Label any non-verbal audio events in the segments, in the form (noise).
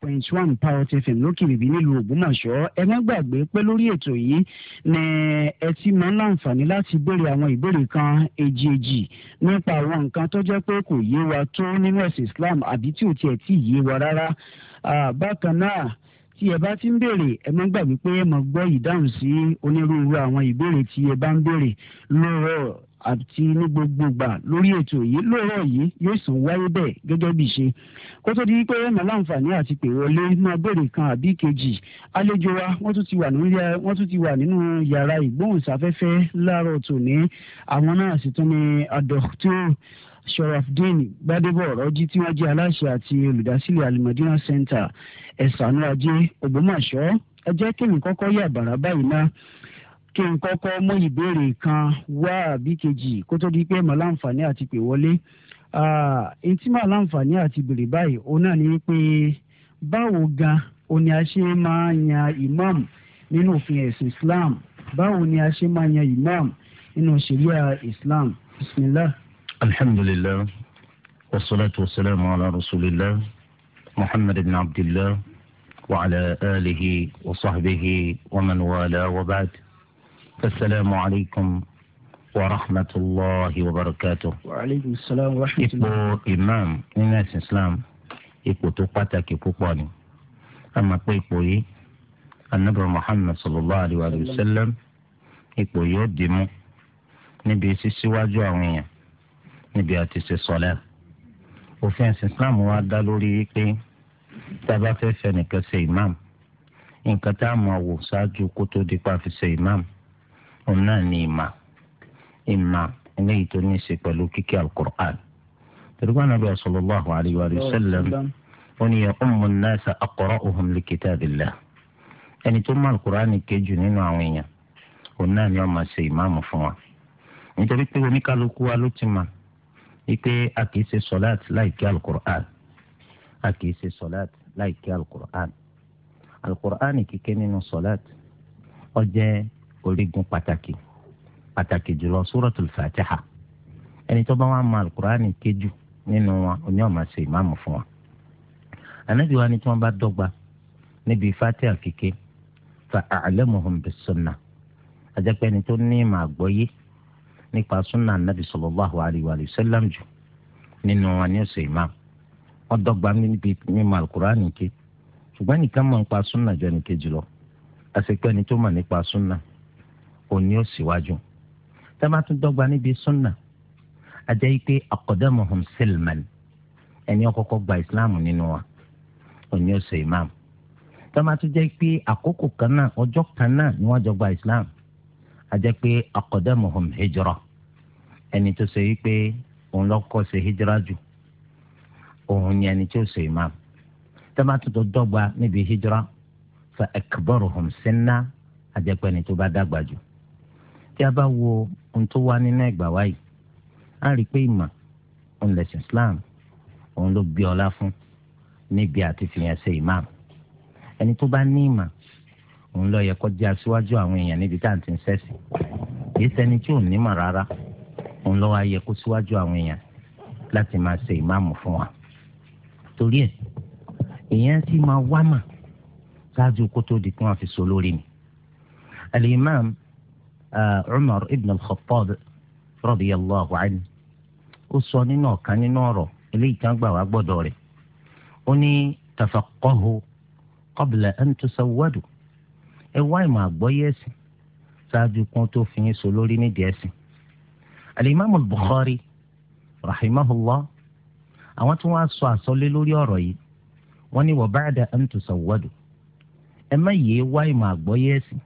point one power tfm lókè bèbí nílùú ògbómọ̀ṣọ́ ẹ má gbàgbé pé lórí ètò yìí ni ẹ ti máa ń láǹfààní láti béèrè àwọn ìbéèrè kan èjì èjì nípa àwọn nǹkan tó jẹ́ pé kò yé wa tó nínú ẹ̀sìn islam àbí tí ò tiẹ̀ tí ì yé wa rárá bákan náà tí ẹ bá ti ń béèrè ẹ má gbàgbé pé ẹ máa gbọ́ ìdáhùn sí onírúurú àwọn ìbéèrè tí ẹ bá ń béèrè lóòrọ̀ àti ní gbogbo ìgbà lórí ètò yìí lóòrọ̀ yìí yóò sùn wáyé bẹ́ẹ̀ gẹ́gẹ́ bí ṣe kó tó di pé ẹnà láǹfààní àti pè wọlé máa béèrè kan àbí kejì àlejò wa wọ́n tún ti wà nínú wọ́n tún ti wà nínú yàrá ìgbóhùnsáfẹ́fẹ́ láàárọ̀ tòní àwọn náà sì tún ní àdọ̀tò sharafdin gbadebo ọrọjí tí wọ́n jẹ́ aláṣẹ àti olùdásílẹ̀ alimadina center ẹsànú ajé ògbómọ̀ṣọ́ ẹ jẹ́ kémi kọ́kọ́ yà bàrà báyìí náà kí n kọ́kọ́ mú ìbéèrè kan wá àbí kejì kó tó di pé màá láǹfààní àti pè wọlé ntí màá láǹfààní àti béèrè báyìí òun náà ni pé báwo gan òun ni a ṣe máa yan imam nínú òfin ẹ̀sìn Islam báwo ni a ṣe máa yan imam nínú ṣẹ̀ríà Islam bismillah. alhamdulilayi wasalaatu wasalaamu ala rasulillah muhammad ibn abdillah wa ala alihi wa sahbihi wa man wa baad. السلام عليكم ورحمة الله وبركاته وعليكم السلام ورحمة الله ipò imam nínú ẹ̀sìn islam ipò tó pàtàkì púpọ̀ ni a máa pé ipò yìí anabi muhammed sallallahu alayhi wa sallam ipò yìí ó dì mú níbi sísíwájú àwọn èèyàn níbi àti ṣe sọlẹ òfin ẹ̀sìn islam wa dá lórí pé tá a bá fẹ́ fẹ́ nìkan ṣe imam nǹkan tá a máa wò ṣáájú kó tó di pa fi ṣe imam òun náà ní ìmà ìmà eléyìí tó ní í ṣe pẹ̀lú kíkí alukur'an tẹ̀lifà nàbí sallallahu alayhi wa sallam ó ní yẹ ọmọ náà sà aqra'uhum li kitabillah ẹni tó má alukur'an kejì nínú àwọn èèyàn òun náà ni ó máa ṣe ìmáàmù fún wa nítorí pé oníkálukú wa ló ti mà wípé a kì í ṣe sọláàt láì alukur'an a kì í ṣe sọláàt láì alukur'an alukur'an kíké nínú sọláàt ó jẹ́ orígun pàtàkì pàtàkì jùlọ suratul fatiha ẹni tó bá wà mọ alukurani kéjù nínú wọn oní ọmọ ṣe ìmáàmù fún wa anabi wa ni tí wọn bá dọ́gba níbi fatiha kíké fa a'lamuhum bis sunnah ajẹpẹ ẹni tó ní ìmọ̀ àgbọ́yé nípa sunna anabi sallallahu alayhi wa sallam jù nínú wọn ni ó ṣe ìmáàmù wọn dọ́gba níbi mímọ̀ alukurani ké ṣùgbọ́n nìkan mọ̀ nípa sunna jọ nìkejì lọ àṣepẹ́ ẹni tó mọ̀ nípa sunna òní ò síwájú tábà tún dọ́gba níbi sunna ajẹ́ pé aqdamuhum silman ẹni ọkọ̀ọ̀kọ̀ gba islam nínú wa òní ò sọ imam tábà tún jẹ́ pé àkókò kan náà ọjọ́ kan náà ni wọ́n jọ gba islam ajẹ́ pé aqdamuhum hijra ẹni tó sọ yìí pé òun lọ́kọ́ ṣe hijra jù òun ni ẹni tó sọ imam tábà tún dọ́gba níbi hijra fa akbaruhum sinna ajẹ́ pé ẹni tó bá dàgbà jù tí a bá wo ohun tó wá nínú ẹgbà wáyé a rí i pé ìmọ̀ òun lẹ̀sìn Islam òun ló gbé ọlá fún níbi àti fìyàn ṣe imam ẹni tó bá ní ìmọ̀ òun ló yẹ kó jẹ́ aṣíwájú àwọn èèyàn níbi tá à ń ti ń ṣẹ̀sìn kìí ṣẹni tí ò nímọ̀ rárá òun ló wá yẹ kó síwájú àwọn èèyàn láti máa ṣe ìmáàmù fún wa torí ẹ̀ èèyàn sì máa wá mà ṣáájú kó tó di kí wọ́n fi so lórí mi al-imam Umar ibn al-Khattab radiyallahu anhu ó sọ nínú ọ̀kan nínú ọ̀rọ̀ eléyìí kan gbà wá gbọ́dọ̀ rẹ̀ ó ní tafaqahu qabla an tusawwadu ẹ wá ìmọ̀ àgbọ́yé ẹ̀sìn ṣáájú kan tó fi yín so lórí nídìí ẹ̀sìn. al-Imam al-Bukhari rahimahullah àwọn tí wọ́n á sọ àsọlé lórí ọ̀rọ̀ yìí wọ́n ní wa ba'da an tusawwadu ẹ má yéé wá ìmọ̀ àgbọ́yé ẹ̀sìn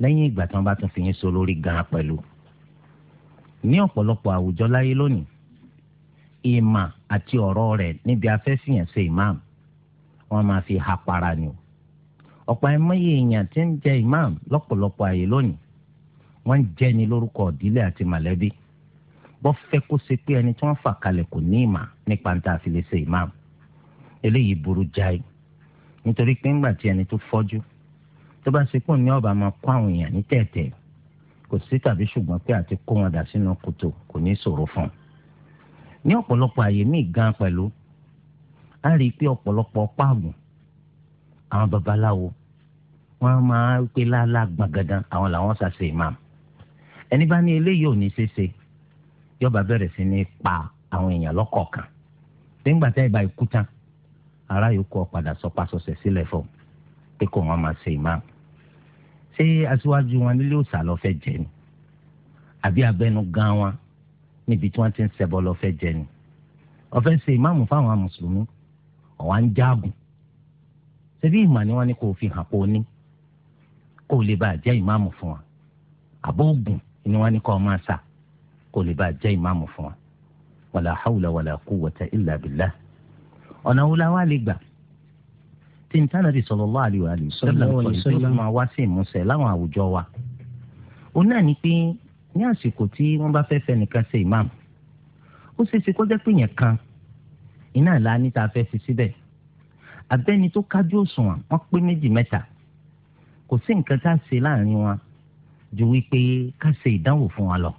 lẹ́yìn ìgbà tí wọ́n bá tún fi yín so lórí gan-an pẹ̀lú. ní ọ̀pọ̀lọpọ̀ àwùjọ láyé lónìí ìmà àti ọ̀rọ̀ rẹ̀ níbi afẹ́fìyàn ṣe imam wọ́n máa fi ha para ni o. ọ̀pọ̀ àìmọye èèyàn ti ń jẹ imam lọ́pọ̀lọpọ̀ àyè lónìí wọ́n ń jẹ́ni lórúkọ ìdílé àti mọ̀lẹ́bí bọ́ fẹ́ kó ṣe pé ẹni tí wọ́n fà kalẹ̀ kò ní ìmà nípa níta àfi lè ṣe imam eléyìí burú jáì nítorí pé ńgbà tí ẹni tó fọ́jú tó bá ṣe pọ̀ ní ọba máa kó àwọn èèyàn ní tẹ̀tẹ̀ kò sí tàbí ṣùgbọ́n pé àti kó wọn dà sínú kòtò kò ní ṣòro fún un. ní ọ̀pọ̀lọpọ̀ àyè míì gan pẹ̀lú a rí i pé ọ̀pọ̀lọpọ̀ páàgùn àwọn babaláwo wọ́n máa ń pe láàlá gbọ̀ngàdàn àwọn làwọn ṣàṣe imam ẹni bá ní eléyìí ò ní ṣeéṣe yọba bẹ̀rẹ̀ sí ní pa àwọn èèyàn lọ́kọ̀ọ̀kan nígbà ìbá ikú tán ará yòókù ọ̀ padà sílẹ̀ fún un pé kò wọ́n máa ṣe ìmáàmù ṣé aṣíwájú wọn nílé òòṣà lọ fẹ́ jẹ ni àbí abẹnú gan wọn níbi tí wọ́n ti ń ṣẹbọ lọ fẹ́ jẹ ni ó fẹ́ ṣe ìmáàmù fáwọn mùsùlùmí ọwọ ń jágùn ṣebí ìmọ̀ ni wọ́n ní kó fi hàn kó ní kó lè bá jẹ́ ìmáàmù fún wa àbó oògùn ni wọ́n ní kó máa sà kó lè bá jẹ́ ìmáàmù fún wa wàlà hàwùlà wàlà kúwwata ìllà bìllà ọ̀nà wo la wá lè gbà tí n tánà bí sallallahu alaihi wa sallam kọ̀ọ̀dé tó máa wá sí ìmúṣẹ láwọn àwùjọ wa. òun náà ni pé ní àsìkò tí wọ́n bá fẹ́ẹ́ fẹnìkan ṣe imam ó ṣeé ṣe kó jẹ́ pé yẹn kan iná ìlà níta fẹ́ fi síbẹ̀ abẹ́ni tó kájú òṣùwọ̀n wọ́n pé méjì mẹ́ta kò sí nǹkan tá a ṣe láàrin wọn ju wípé ká ṣe ìdánwò fún wa lọ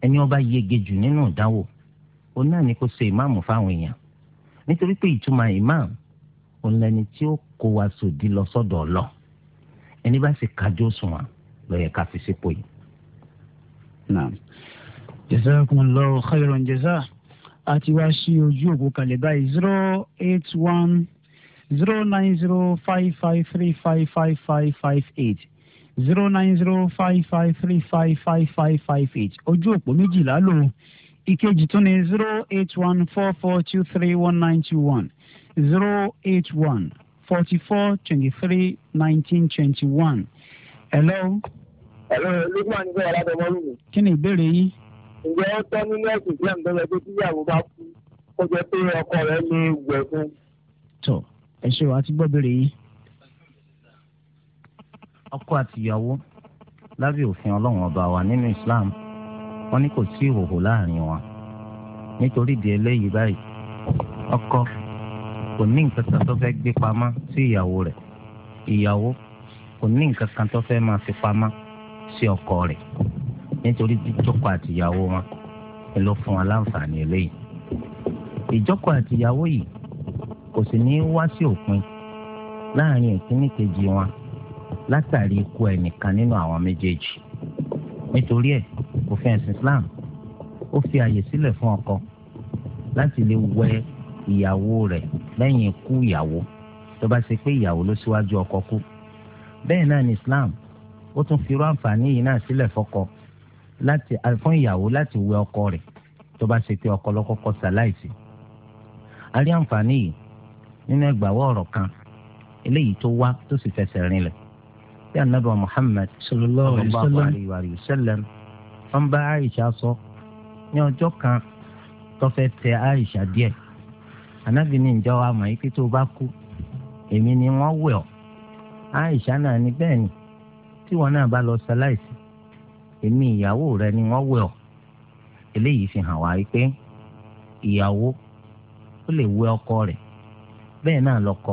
ẹni ó bá yege jù nínú ìdánwò òun náà ni kó ṣe ìmáàmù fáwọn èèyàn nítorí pé ìtumọ̀ ìmáàmù òun lẹni tí ó kó wa sòdí lọ sọ́dọ̀ ọlọ ẹni bá sì kájọ sùn wa lọyẹ ká fi sípò yìí. naam jazakumullahu khairan jaza àti wá sí ojú òkú kalẹ̀ báyìí zero eight one zero nine zero five five three five five five five eight zero nine zero five five three five five five five eight ojú òpó méjìlá lò ìkejì tún ní zero eight one four four two three one nine two one zero eight one forty four twenty three nineteen twenty one. hello. hello lukman ní sọ̀rọ̀ láti ọmọlú mi. kí ni ìbéèrè yín. ǹjẹ́ ó tọ́ nínú ẹ̀sìn islam tó yẹ pé tíyàwó bá kú kó jẹ́ pé ọkọ rẹ̀ lè wẹ̀ fún. tọ ẹ ṣe wàá ti gbọ́ béèrè yín. ọkọ àtìyàwó lábẹ́ òfin ọlọ́run ọba wa nínú islam wọ́n ní kò sí ìhòòhò láàrin wọn nítorí ìdí eléyìí báyìí ọkọ kò ní nǹkan kan tó fẹ́ gbé pamọ́ sí ìyàwó rẹ̀ ìyàwó kò ní nǹkan kan tó fẹ́ máa fi pamọ́ sí ọkọ rẹ̀ nítorí jíjọkọ àtìyàwó wọn ló fún wa láǹfààní eléyìí ìjọkọ àtìyàwó yìí kò sì ní wá sí òpin láàrin ìkíní kejì wọn látàrí ikú ẹnìkan nínú àwọn méjèèjì nítorí ẹ̀ òfin ẹ̀sìn Islam ó fi àyè sílẹ̀ fún ọkọ láti lè wẹ ìyàwó rẹ̀ lẹ́yìn ikú ìyàwó tó bá ṣe pé ìyàwó ló síwájú ọkọ kú bẹ́ẹ̀ náà ní Islam ó tún fi irú àǹfààní yìí náà sílẹ̀ fọ́kọ láti fún ìyàwó láti wẹ ọkọ rẹ̀ tó bá ṣe pé ọkọ ló kọ́kọ́ ṣaláìsí a rí àǹfààní yìí nínú ẹgbàáwọ ọ̀rọ̀ kan eléyìí tó wá tó sì fẹsẹ̀ rinlẹ̀ bí anabi Muhammad sallallahu alayhi wa sallam wọn bá Aisha sọ ní ọjọ́ kan tó fẹ́ tẹ Aisha díẹ̀ anabi ní ìjọ wa mọ̀ ike tó bá kú èmi ni wọ́n wẹ̀ ọ́ Aisha náà ni bẹ́ẹ̀ ni tí wọn náà bá lọ ṣaláìsí èmi ìyàwó rẹ ni wọ́n wẹ̀ ọ́ eléyìí fi hàn wá pé ìyàwó ó lè wẹ̀ ọkọ rẹ̀ bẹ́ẹ̀ náà lọ́kọ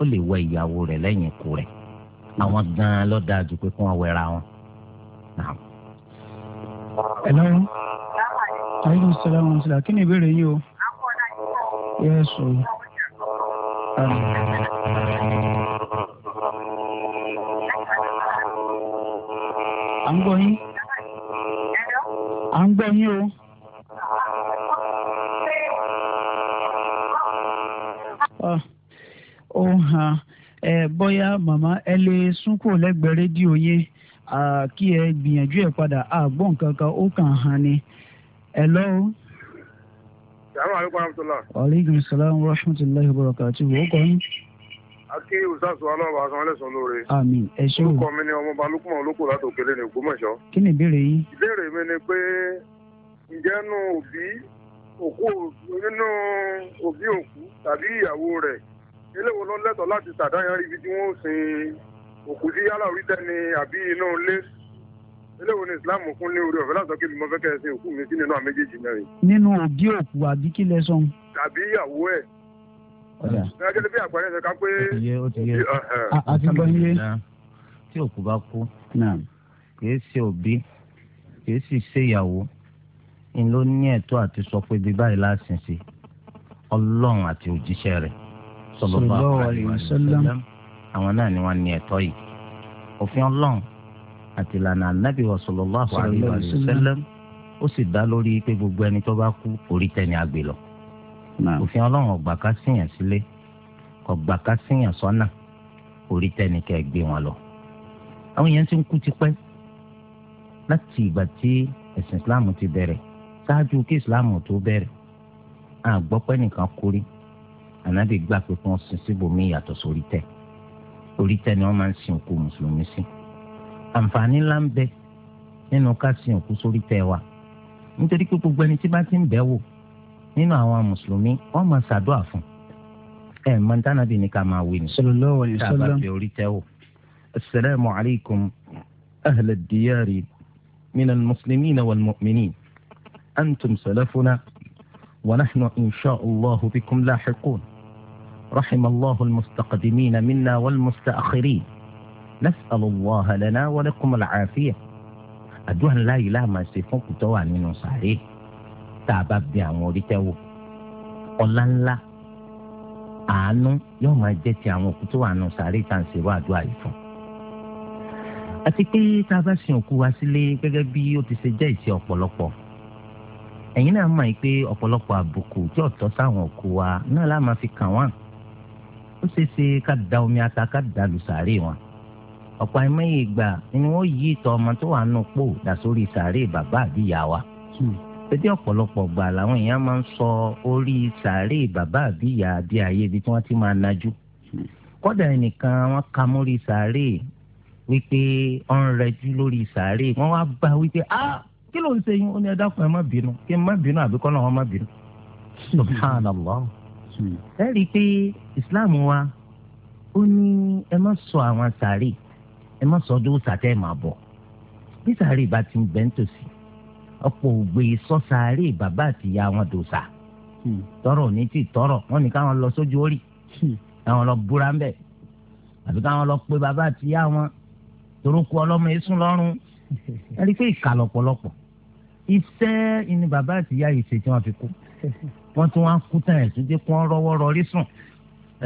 ó lè wẹ̀ ìyàwó rẹ̀ lẹ́yìn ikú rẹ̀ àwọn gan-an ló dáa jù pé kí wọ́n wẹra wọn. ẹ lọ́rùn ayélujára wọn sílẹ̀ kí ni ìbéèrè yín o. Yes, Lord. À ń gbọ́ yín. o. ele ah, ẹ bóyá màmá ẹ lè sún kúrò lẹ́gbẹ̀ẹ́ rédíò yẹn kí ẹ gbìyànjú ẹ̀ padà àgbọ̀n kankan ni. Hello. Assalamu alaikum warahmatullah. Wa alaikum assalam wa rahmatullahi wa barakatuh. Wọ́n kọ́ yín. Akí ìwòsàsùn ọlọ́ọ̀bà asan ẹlẹ́sàn lóore. Àmín ẹ ṣé o. Orúkọ mi ni ọmọọba Lukman Olóko láti òkèlè ní Ògbómọ̀ṣọ́. Kí ni ìbéèrè yín? Ìbéèrè mi ni pé ǹjẹ́ nù òbí òkú nínú òbí òkú tàbí ìyàwó rẹ̀ eléwo ló lẹ́tọ̀ọ́ láti ṣàdáyan ibi tí wọ́n sin òkú sí yálà orí tẹ́ni àbí inú ilé eléwo ni islam kún ní orí ọ̀fẹ́ látọ̀ kí ni mo fẹ́ kẹ́ ẹ ṣe òkú mi sí nínú àwọn méjèèjì náà yìí. nínú òbí òkú àbí kí lẹ sọ. tàbí ìyàwó ẹ. gẹ́gẹ́ bí àpẹẹrẹ ṣe ká pé. ó ti yé ó ti yé a ti gbọ́ yé. tí òkú bá kú kìí ṣe òbí kìí sì ṣe ìyàwó ni ló ní ẹ̀tọ́ àti sọ pé bí báyìí láàsìn sí ọlọ́run àti òjíṣẹ́ rẹ̀ sallallahu alaihi wasallam àwọn náà ni wọ́n ní ẹ̀tọ́ yìí òfin ọlọ́run àti ìlànà anábì wa sallallahu alaihi wa sallam ó sì dá lórí pé gbogbo ẹni tó bá kú orí tẹni àgbè lọ. òfin ọlọ́run ọgbà ká síyàn sílé ọgbà ká síyàn sọ́nà orí tẹni kẹ́ gbé wọn lọ. àwọn èèyàn ti ń kú tipẹ́ láti ìgbà tí ẹ̀sìn islam ti bẹ̀rẹ̀ ṣáájú kí islam tó bẹ̀rẹ̀ àgbọ́pẹ́ nìkan kórí ànábì gbà pé kí wọ́n sin síbòmí ìyàtọ̀ sórí tẹ̀ orí tẹ̀ ni máa ń sin òkú mùsùlùmí sí. Si àǹfààní ńlá ń bẹ nínú ká sin òkú sórí tẹ wa nítorí pé gbogbo ẹni tí bá ti ń bẹ̀ wò nínú àwọn mùsùlùmí wọ́n máa ṣàdúrà fún ẹ mọ̀ntánàbì ní ká máa wí ni. sallallahu alaihi wasallam tá a bá fi orí tẹ wò. asalaamu alaykum ahla diyaari min almuslimina walmuminin antum salafuna wa nahnu insha allahu bikum laaxiqun rahima allahu almustaqdimina minna walmustaakhirin. نسأل الله لنا ولكم العافية. alaafiya àdúrà ńlá yìí láàmà ṣe fún kùtọ́ wà nínú sàárè tá a bá bí àwọn orítẹ́ wò ọlá ńlá àánú yóò máa jẹ́ ti àwọn òkú tó wà nínú sàárè tá à ń ṣe wá àdúrà yìí fún. àti pé tá a bá sin òkú wa sílé gẹ́gẹ́ bí ó ti ṣe jẹ́ ìṣe ọ̀pọ̀lọpọ̀ ẹ̀yin náà mọ̀ pé ọ̀pọ̀lọpọ̀ àbùkù tí ọ̀tọ́ sáwọn òkú wa náà láàmà fi kàn wọ́n ó ṣeé ṣe ká da omi ata ká da lù wọn ọ̀pọ̀ àìmọye ìgbà ni wọ́n yí ìtọ̀ ọmọ tó wà nù pò dà sórí sàárè bàbá àbíyá wa. pété hmm. ọ̀pọ̀lọpọ̀ gbà làwọn èèyàn máa ń sọ orí sàárè bàbá àbíyá bí ayé ibi tí wọ́n ti máa najú. Hmm. kọ́dà ẹnìkan wọ́n ka mórí sàárè wípé ó ń rẹjú lórí sàárè wọ́n wá bá wípé a kí ló ń ṣe yín ó ní ẹ dákun ẹ má bínú kí ẹ má bínú àbíkọ́ náà wọ́n subhanallah hmm. ẹ rí i pé ìsìláàmù wa ó ní ẹ má sọ àwọn sàárè ẹ má sọ dóòtà tẹ́ ẹ máa bọ̀ bí sàárè bá ti ń bẹ́ ń tòsí ọ̀pọ̀ ògbé e sọ́sàárè bàbá àtìyá wọn dòòsà hmm. tọrọ ò ní tí tọrọ wọn ní káwọn lọ sójú orí hmm. káwọn lọ búra ń bẹ̀ àbí káwọn lọ pé bàbá àtìyá wọn torókù ọlọ́mọ èsùn lọ́rùn (laughs) ẹ rí i pé ìkà lọ̀pọ̀lọpọ̀ iṣẹ́ ni bàbá àtìyá yìí ṣe tí wọ́n fi kú (laughs) wọ́n tún wá kú tán ẹ̀sùn dé kún rọ́wọ́ rọrí sùn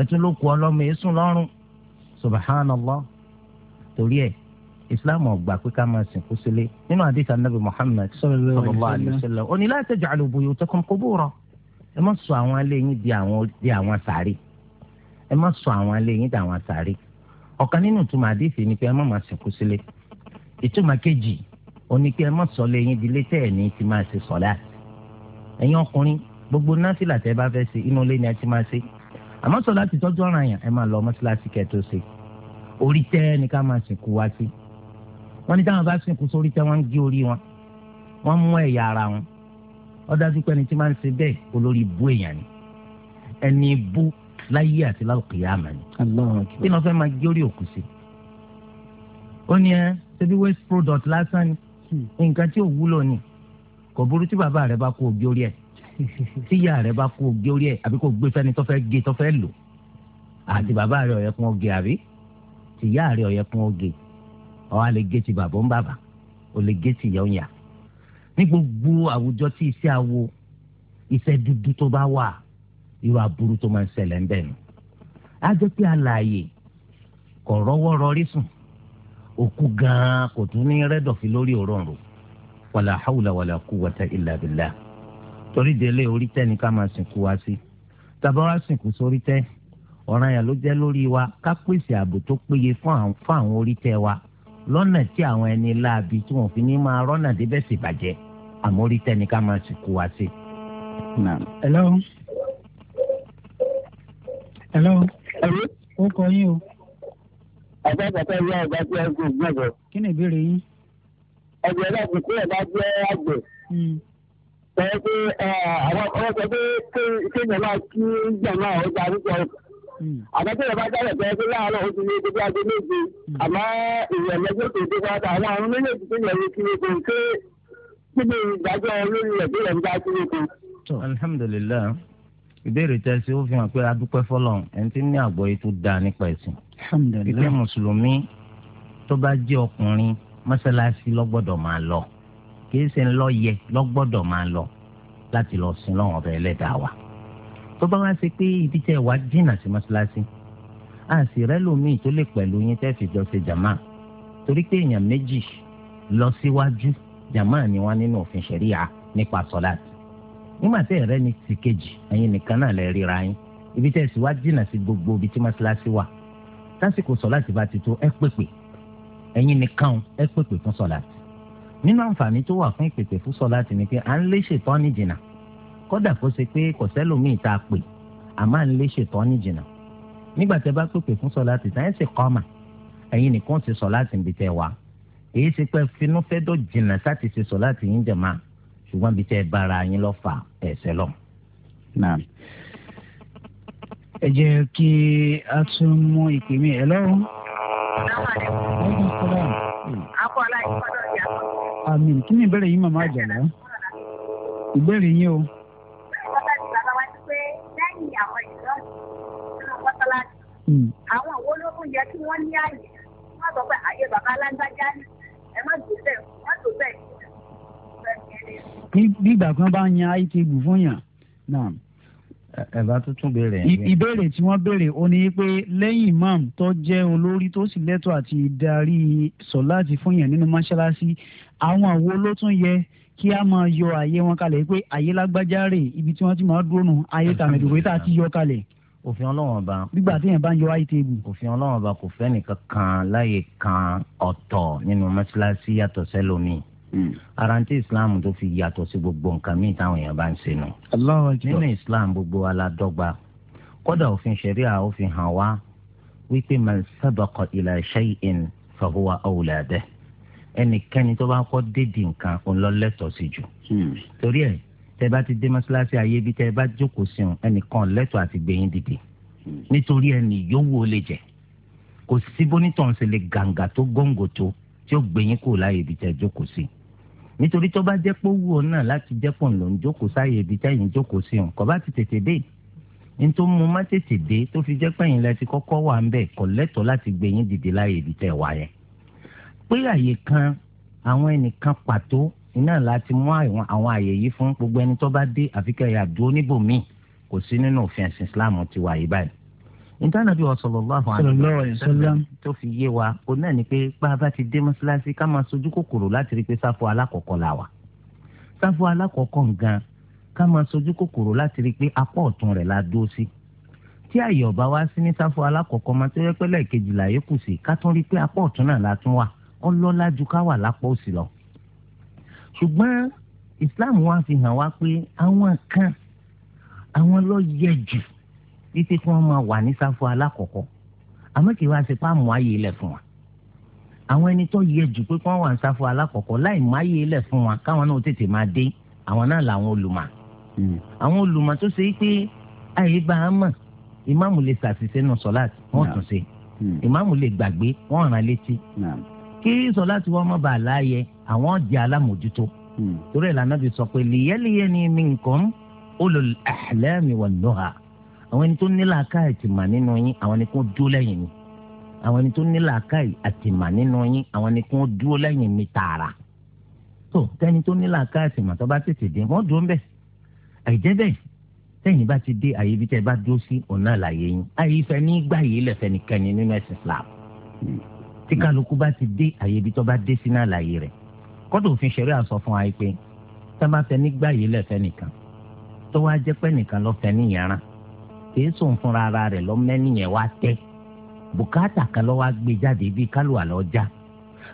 ẹ̀tún ló kù ọlọ́mọ èsùn lọ́rùn subhanallah torí ẹ̀ islam ọgbà pé ká máa sìnkú sílé nínú àdìsá nàbì muhammed sallallahu alayhi wa sallam òní la taj'alu buyutakum qubura ẹ má sọ àwọn alẹ́ yín di àwọn di àwọn sàárì ẹ má sọ àwọn alẹ́ yín di àwọn sàárì ọ̀kan nínú ìtumọ̀ àdìsí ni pé ẹ má máa sìnkú sílé ìtumọ̀ kejì òní pé ẹ má sọ lẹ́yìn di létẹ́ ẹ̀ ní ti máa ṣe sọ̀lá ẹ̀yin ọkùnrin gbogbo násìlà tẹ́ bá fẹ́ ṣe inú ilé ni ẹ ti máa ṣe àmọ́ sọ̀lá ti tọ́jú ọ̀ràn yẹn ẹ má lọ mọ́ṣáláṣí orí tẹ́ ni ká máa sìnkú wá sí wọ́n ní táwọn bá sìnkú sórí tẹ́ wọ́n ń gé orí wọn wọ́n mú ẹ̀yà ara wọn ó dájú pé ẹni tí máa ń ṣe bẹ́ẹ̀ olórí bú èèyàn ni ẹni bú láyé àti lákìyámà ni kí ni fẹ́ máa gé orí òkú sí ó ní ẹ ṣebí waste product lásán ni hmm. nǹkan tí ò wúlò ni kò burú tí bàbá rẹ bá kú ògé orí ẹ (laughs) tí ìyá rẹ bá kú ògé orí ẹ àbí kò gbé fẹ́ni tó fẹ́ gé tó fẹ́ lò àti bàbá rẹ ọ̀yẹ́kùn ọ̀gẹ̀ àbí tìyá rẹ ọ̀yẹ́ kún oge ọ̀ á lè gé ti bàbá ń bàbá ò lè gé ti yọ̀ǹyà ní gbogbo àwùjọ tí iṣẹ́ awo iṣẹ́ dúdú tó bá wà irú aburú tó máa ń ṣẹlẹ̀ ń bẹ̀ nù. á jẹ́ pé alààyè kò rọ́wọ́ rọrí sùn òkú gan-an kò tún ní rẹ́dọ̀fì lórí òróǹro wàlà hàwùlà wàlà kúwwata ìllà bíllà torí délé orí tẹ́ ni ká máa sìnkú wá sí tàbá wá sìnkú sórí tẹ́ ọ̀ràn yà ló jẹ́ lórí wa ká pèsè ààbò tó péye fún àwọn orí tẹ wa lọ́nà tí àwọn ẹni láabi tí wọ́n fi ní máa rọ́nà débẹ̀ sì bàjẹ́ àmọ́ orí tẹ ni ká máa sì kú wa sí. hello hello ó kọ yín o. ọ̀gá ìgbàgbọ́ ìyá ọ̀gá tí wọ́n ń gbìn gbọ́dọ̀. kí ni ìbéèrè yín. ọ̀gbìn ọlọ́ọ̀gùn kúrò bá jẹ́ àgbẹ̀ hmm. sọ pé àwọn ọkọ̀ sọ pé kéèyàn máa kí jàmáà ọjà àdúgbò Hmm. àmọ́ tí ìjọba jáde pé pé láàárọ̀ ó ti ní ebi aago méje hmm. àmọ́ èèyàn lẹ́gbẹ́ tó dé pátá àwọn àrùn méjèèjì tó yẹ kiri kò ké kíni ìdájọ́ lórí rẹ̀ tó yẹ ń dá kiri kò. alhamdulilayi ìbéèrè tẹ́sí ó fi hàn pé adúpẹ́ fọlọ́n ẹni tí ní àgbọ́yé tó dáa nípa ẹ̀sìn. ìpè mùsùlùmí tó bá jẹ́ ọkùnrin mọ́sálásí lọ́gbọ́dọ̀ máa lọ kì í ṣe ńlọ yẹ lọ́gbọ́dọ̀ máa lọ láti lọ sin lọ́wọ́ ọ̀bẹ ẹlẹ́dàá wa tó bá wá ṣe pé ibi tẹ́ wá jìnnà sí mọ́ṣáláṣí àṣì rẹ lómi tó lè pẹ̀lú yín tẹ́ fi jọ ṣe jàmá torí pé èèyàn méjì lọ síwájú jàmá ni wọ́n nínú òfin ṣẹ̀ríà nípa sọ́láàt nígbà tẹ́ ẹ̀rẹ́ ni ti kejì ẹ̀yin nìkan náà lè ríra yín ibi tẹ́ sì wá jìnnà sí gbogbo ibi tí mọ́ṣáláṣí wà tásìkò sọ́láàt bá ti tó ẹ pèpè ẹ̀yin nìkan ẹ pèpè fún sọ́láàt nínú àǹfààní tó wà fún ìpèpè fún sọ́láàt ni pé à ń lé ṣètọ́ nìjìnà kódà kó ṣe pé kò sẹ́lòmíì tá a pè a máa ń lé ṣètọ́ ní jìnnà nígbà tẹ́ bá pèpè fún sọláàtì tá ẹ̀ sì kọ́ mà ẹ̀yin nìkan ṣe sọláàtì níbi tẹ́ wà èyí ṣe pé finú fẹ́ dọ̀ jìnnà sáti ṣe sọláàtì yín jẹ̀ máa ṣùgbọ́n bí tẹ́ bára yín lọ fà ẹ̀sẹ̀ lọ. ẹ jẹ́ kí a tún mú ìpè mi ẹ̀ lọ́rùn. àmín kí ni ìbéèrè yín màmá àjàlá ìbéèrè yín o. Hmm. àwọn àwọn ológun yẹ kí wọ́n ní àyè wọ́n sọ pé àyè bàbá alágbájá ni ẹ má tó bẹ́ẹ̀ má tó bẹ́ẹ̀. bí ìgbà kan bá yan itb fún yàn náà. ẹ bá tuntun béèrè. ìbéèrè tí wọ́n béèrè ó ní pé lẹ́yìn imam tó jẹ́ olórí tó sì lẹ́tọ̀ọ́ àti darí sọ̀láàtì fún yàn nínú mọ́ṣáláṣí àwọn àwo ló tún yẹ kí a máa yọ àyè wọn kalẹ̀ pé àyè lágbájá rè ibi tí wọ́n ti máa dúró nù àyè tàmẹ̀dùwé tá a ti yọ kalẹ̀ òfin ọlọ́run ọba. gbígbà tí yẹn bá ń yọ ayé tèbù. òfin ọlọ́run ọba kò fẹ́ nìkan kan láyè kan ọ̀tọ̀ nínú mọ́ṣáláṣí yàtọ̀ sẹ́lómi. Hmm. ara ń tí islam tó fi yàtọ̀ sí gbogbo nǹkan míì táwọn èèyàn bá ń ṣe nù. nínú islam gbogbo aládọ́gba kódà òfin ṣẹ̀ríà ó fi hàn wá wípé man sábàkọ ìlà ṣẹ́yìn fàhùwà ọ̀wùlẹ̀ àdẹ́ ẹnikẹ́ni tó bá kọ́ dédì nǹkan òun lọ lẹ́tọ̀ọ́ sí jù. Hmm. torí ẹ̀ tẹ bá ti dé mọ́ṣáláṣí ayé bí tẹ bá jókòó sí òun ẹnìkan lẹ́tọ̀ọ́ àti gbẹ̀yìn dìde nítorí ẹnì yòówù ó lè jẹ kò sí bonítàn ṣe lè gàǹgà tó góńgò tó tí ó gbẹ̀yìn kò láàyè bí tẹ jókòó sí nítorí tó bá jẹ́ pé ó wù ọ́ náà láti jẹ́ pọ̀ ló ń jókòó sáyè bí tẹ́yìn jókòó sí òun kò bá ti tètè dé ní tó mú má tètè dé tó fi jẹ́ pẹ̀yìn lẹ kọ́kọ́ wà ń bẹ̀ kò lẹ́tọ̀ọ́ láti gbẹ̀yìn dìde láyè bí tẹ̀ wá pé àyè kan àwọn ẹnìkan pàtó iná láti mú àwọn àyè yìí fún gbogbo ẹni tó bá dé àfikẹ́ yà dúró níbòmíì kò sí nínú òfin ẹ̀sìn islam ti wà yìí báyìí. ìtànà bí sallallahu alaihi wasallam tó fi yé wa ó náà ni pé bá a bá ti dé mọ́ṣáláṣí ká máa sojú kòkòrò láti rí i pé sáfù alákọ̀ọ́kọ́ la wà. sáfù alákọ̀ọ́kọ́ nǹkan ká máa sojú kòkòrò láti rí pé apá ọ̀tún rẹ̀ la dúró sí. tí àyè ọ̀bá wá sí ní sáfù alákọ̀ọ́kọ́ máa tó yẹ pé lẹ́ẹ̀kejì là yókù sí ká tún rí pé apá ọ̀tún náà la tún wà ọlọ́lá ju ká wà lápá òsì lọ ṣùgbọ́n islam wa fi hàn wá pé àwọn kan àwọn ló yẹ jù títí kí wọ́n máa wà ní sáfù alákọ̀ọ́kọ́ àmọ́ kí wọ́n á ṣe pé àmọ́ ààyè ilẹ̀ fún wa àwọn ẹni tó yẹ jù pé kí wọ́n wà ní sáfù alákọ̀ọ́kọ́ láì mọ ààyè ilẹ̀ fún wa káwọn náà tètè máa dé àwọn náà làwọn olùmọ̀ hmm. àwọn olùmọ̀ tó ṣe pé àyè bá a mọ̀ ìmáàmù lè ṣàṣìṣe nù sọ́láàtì wọ́n tún ṣe hmm. ìmáàmù lè gbàgbé wọ́n rán létí kí sọ́láàtì wọn mọ̀ bàa láàyè àwọn jẹ́ alámòjútó hmm. torí ẹ̀ lànà fi sọ pé liyaliyani minkum ulul ahlami wan nuha àwọn ẹni tó ní làákàyè ti mà nínú yín àwọn ẹni kó dúró lẹ́yìn mi àwọn ẹni tó ní làákàyè àti mà nínú yín àwọn ẹni kó dúró lẹ́yìn mi tààrà tó tẹ́ni tó ní làákàyè àti tó bá tètè dé wọ́n dúró ń bẹ̀ àìjẹ́ bẹ́ẹ̀ tẹ́yìn bá ti dé àyè ibi tẹ́ bá dúró sí ọ̀nà àlàyé yín àyè ìfẹ́ ní gbà yìí lẹ̀fẹ́ nìkan ni nínú ẹ̀sìn Islam hmm. tí kálukú bá ti dé àyè ibi tó bá dé sí náà àlàyé rẹ̀ kọ́dọ̀ òfin ṣẹ̀rí àsọ fún wa pé tá a bá fẹ́ nígbà yìí lẹ́fẹ́ nìkan tó wá jẹ́ pẹ́ nìkan lọ́fẹ́ níyàrá kìí sùn fúnra ara rẹ̀ lọ́mẹ́nìyẹn wá tẹ́ bùkátà kan ló wá gbé jáde bíi kálùwà lọ já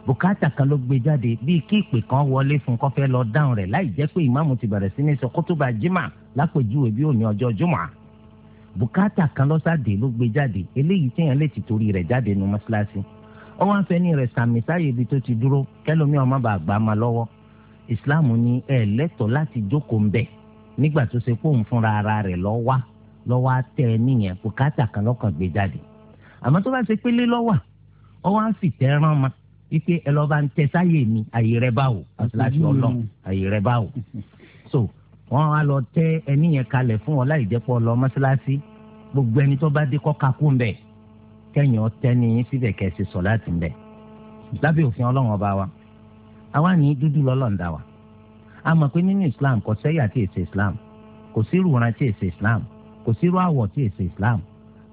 bùkátà kan ló gbé jáde bíi kí ìpè kan wọlé fún kọ́fẹ́ lọ dáhùn rẹ̀ láì jẹ́ pé ìmáàmù ti bẹ̀rẹ̀ sí ní sọ kótóbà jimá lápèjúwe bí òní ọjọ́ jùmọ̀ bùkátà kan lọ́sàdé ló gbé jáde eléyìí téèyàn lè ti torí rẹ̀ jáde nu mọ́ṣáláṣí ó wá ń fẹ́ ní rẹ̀ sàmì sáyè ibi tó ti dúró kẹlòmíì ọmọ bàa gbà má lọ́wọ́ islam ní ẹ lẹ́tọ̀ọ́ láti jókòó ń bẹ̀ nígbà tó ṣe pé òun fúnra ara rẹ̀ lọ́wọ́ lọ́wọ́ tẹ ẹ nìyẹn kò káàtà kan lọ́kàn gbé jáde àmọ́ tó bá ṣe pé lé lọ́wọ́ wá ń fi tẹ́ràn ma wípé ẹ lọ́ọ́ bá ń tẹ sáyè mi àyè rẹ báwo àtúláṣí ọlọ́run àyè rẹ báwo so wọ́n á lọ tẹ ẹni yẹn kalẹ̀ fún ọ láì jẹ́ pọ́ lọ mọ́ṣáláṣí gbogbo ẹni tó bá dé kọ́ kakú ń bẹ́ẹ̀ kẹ́yìn ọtẹ́ ní yín síbẹ̀ kẹ́ ẹ ṣe sọ láti ń bẹ̀ lábẹ́ òfin ọlọ́run ọba wa àwa ní dúdú lọ́lọ́ǹda wa a mọ̀ pé nínú islam kò sẹ́yà tí èsè islam kò sírú ìran tí èsè islam kò sírú àwọ̀ tí èsè islam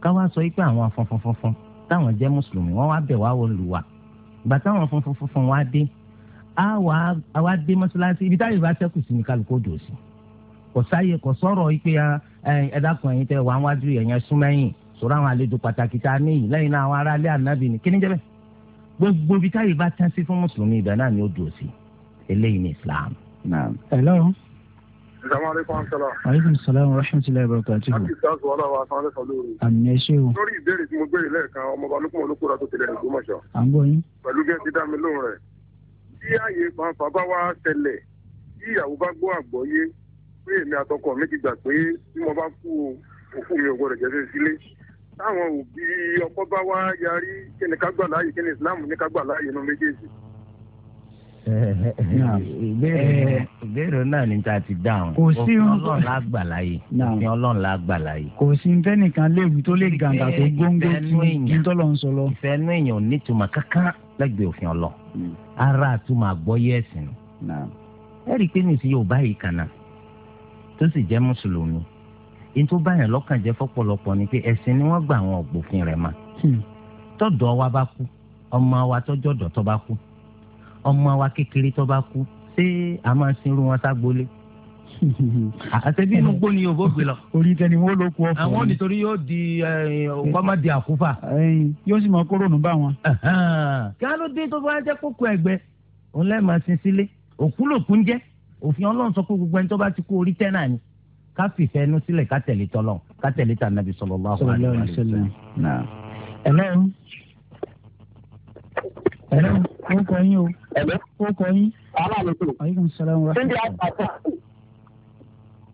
káwá sọ pé àwọn funfun funfun táwọn jẹ́ mùsùlùmí wọ́n wá bẹ̀ wá wọ lù wá ìgbà táwọn funfun funfun wá dé àwa dé mọ́ṣáláṣí ibi táyà ìbá sẹ́kù sí ni kálukú dò sí kò sáyè kò sọ̀rọ̀ pé ah, eh, ẹ̀dákùn ẹ̀yin tẹ́ wà wájú ẹ̀yẹn súnmẹ́yìn sọ̀rọ̀ àwọn àlejò pàtàkì tá a ní yìí lẹ́yìn náà àwọn aráalé ànábì ni kíní jẹ́bẹ̀ gbogbo ibi táyì bá tán sí fún mùsùlùmí ibẹ̀ náà ni ó dùn sí eléyìí ní islam. hello. salaamaleykum salaam. aleykum salaam wa rahmatulahi wa barakatuhu. àti ìtaṣù wàhálà wa sanwó lẹ́sàn lórí. àmì ẹ ṣé o. lórí ìbéèrè tí mo gbé yìí lẹ́ẹ̀kan ọmọọba lókùnmọ̀ olókùnrin tó tẹ̀lé ìgbọ́mọ̀ṣọ́. à òkú mi ò gbọdọ̀ jẹ́ sí sílé táwọn òbí ọkọ bá wá yarí kí ni ká gbà láàyè kí ni islam ní ká gbà láàyè nínú méjèèjì. ìbéèrè náà ni tá ti dáhùn kò sí ọlọ́run lágbà láàyè ní ọlọ́run lágbà láàyè. kò sí nfẹ́nìkan léwu tó lè gàǹgà tó góńgó tí n tọ́lọ̀ ń sọlọ. ìfẹ́ inú èèyàn ò ní tuma kankan lẹ́gbẹ̀ẹ́ òfin ọlọ́ mm. ara àtúmọ̀ àgbọ́yé ẹ̀sìn. ẹ̀rí pé nìsí Yorùbá yìí kan tó sì jẹ́ mùsùlùmí yìí tó báyàn lọ́kàn jẹ́ fọ́pọ̀lọpọ̀ ni pé ẹ̀sìn ni wọ́n gbà àwọn ògbófin rẹ̀ mà hmm. tọ́dọ̀ wa bá kú ọmọ wa tọ́jọ́dọ̀ tó bá kú ọmọ wa kékeré tó bá kú ṣé a máa sinru wọn ságbolé hmm. àtẹ̀bí inú gbó ni yòówó gbé lọ. (laughs) orí tẹni wọn ló kú ọkùnrin. àwọn nítorí yóò di kọ́má eh, di àkúfà. yóò sì máa kóró nùbà wọn. kí á ló dé tó bá jẹ́ kókó ẹ̀gbẹ́ òun lẹ́ẹ̀ máa sin sílé òkú lòkú ń jẹ́ òfin ọlọ́run sọ pé gbogbo ẹni tó bá ti kú orí tẹ́ náà ni ká fìfẹ́ inú sílẹ̀ ká tẹ̀lé tọ́lọ̀ ká tẹ̀lé tà nàbì sallallahu alaihi wasallam. ẹ̀lẹ́ o ẹ̀lẹ́ o ó kọ yín o ẹ̀lẹ́ ó kọ yín. aleykum salaam wa rahmatulah.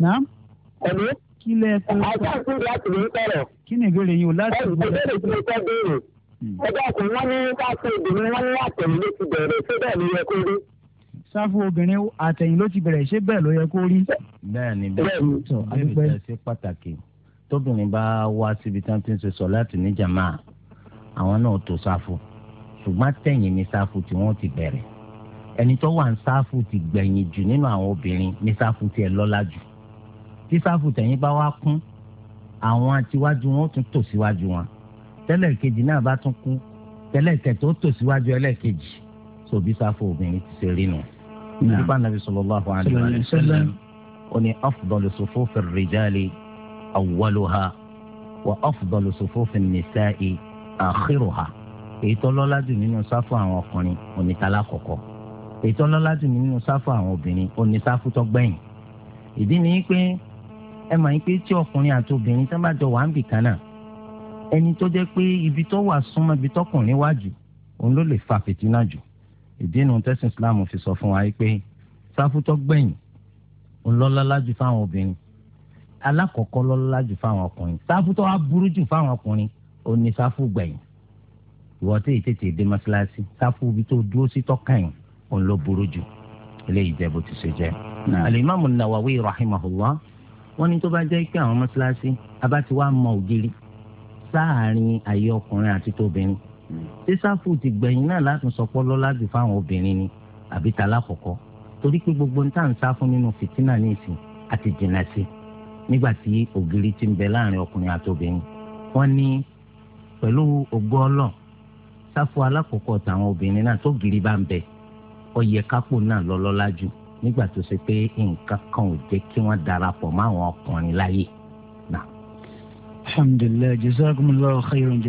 naam. ẹ̀lẹ́. kí lẹ kó kọ. àti àti láti tọrọ. kí ni ìbéèrè yín o láti lè. ẹ̀sìn ìbéèrè tí mo fẹ́ béèrè. Hmm. ẹ̀dá ọkùnrin wọn ní ká ṣe ìdùnnú wọn ní sáfù obìnrin àtẹ̀yìn ló ti bẹ̀rẹ̀ ṣé bẹ́ẹ̀ ló yẹ kó rí. bẹ́ẹ̀ ni bẹ́ẹ̀ ni bẹ́ẹ̀ ni ṣe pàtàkì tóbìnrin bá wá síbi tí wọ́n ti ń ṣe sọ̀láàtì ní jàmá àwọn náà tó sáfù ṣùgbọ́n tẹ̀yìn ni sáfù tí wọ́n ti bẹ̀rẹ̀ ẹni tó wà ń sáfù ti gbẹ̀yìn jù nínú àwọn obìnrin ní sáfù ti ẹ̀ lọ́lá jù tí sáfù tẹ̀yìn bá wá kún àwọn àtiwájú wọn tún tò síwájú wọn tẹ́lẹ̀ kejì náà bá tún kún tẹ́lẹ̀ kẹtọ́ tò síwájú ẹlẹ́kejì sòbí sáfù obìnrin ti ṣe rí nù nípa nàbí sallallahu alaihi wa sallam ó ní afdalu sufufi rijali awwaluha wa afdalu sufufi nisa'i akhiruha èyí tó lọ́lá jù nínú sáfù àwọn ọkùnrin onítàlá kọ̀kọ́ èyí tó lọ́lá jù nínú sáfù àwọn obìnrin onísáfù tó gbẹ̀yìn ìdí ni pé ẹ mọ̀ ní pé tí ọkùnrin àti obìnrin tó bá jọ wà ń bì kan náà ẹni tó jẹ́ pé ibi tó wà súnmọ́ ibi tọkùnrin wá jù òun ló lè fa fìtínà jù ìdí inú tẹ́sán islam fi sọ fún wa pé sáfútọ́ gbẹ̀yìn ńlọ́lọ́lá jù fáwọn obìnrin alákọ̀ọ́kọ́ lọ́lọ́lá jù fáwọn ọkùnrin sáfútọ́ aburú jù fáwọn ọkùnrin ó ní sáfù gbẹ̀yìn ìwọ tí èyí tètè dé mọ́ṣáláṣí sáfù ibi tó dúró sí tọ́kàn òun ló burú jù eléyìí jẹ́ bó ti ṣe jẹ́. alimami nawawi rahimahullah wọ́n ní tó bá jẹ́ pé àwọn mọ́ṣáláṣí abá ti wá mọ ògiri sáàárín ayé ọkùnrin àti tóbìnrin sísáfù ti gbẹ̀yìn náà láti sọ pé lọ́lá jù fáwọn obìnrin ni àbí ta lákọ̀ọ́kọ́ torí pé gbogbo ń tà ń sá fún nínú fìtínà ní ìsìn àti jìnnà sí nígbà tí ògiri ti ń bẹ láàrin ọkùnrin àti obìnrin wọ́n ní pẹ̀lú ògbó ọlọ́ sáfù alákọ̀ọ́kọ́ tàwọn obìnrin náà tó giri bá ń bẹ ọyẹ kápò náà lọ́lọ́lá jù nígbà tó ṣe pé nǹkan kan ò jẹ́ kí wọ́n darapọ̀ mọ́ àwọn ọkùnrin láyè náà. alhamdulilayi jazakumullahu khairan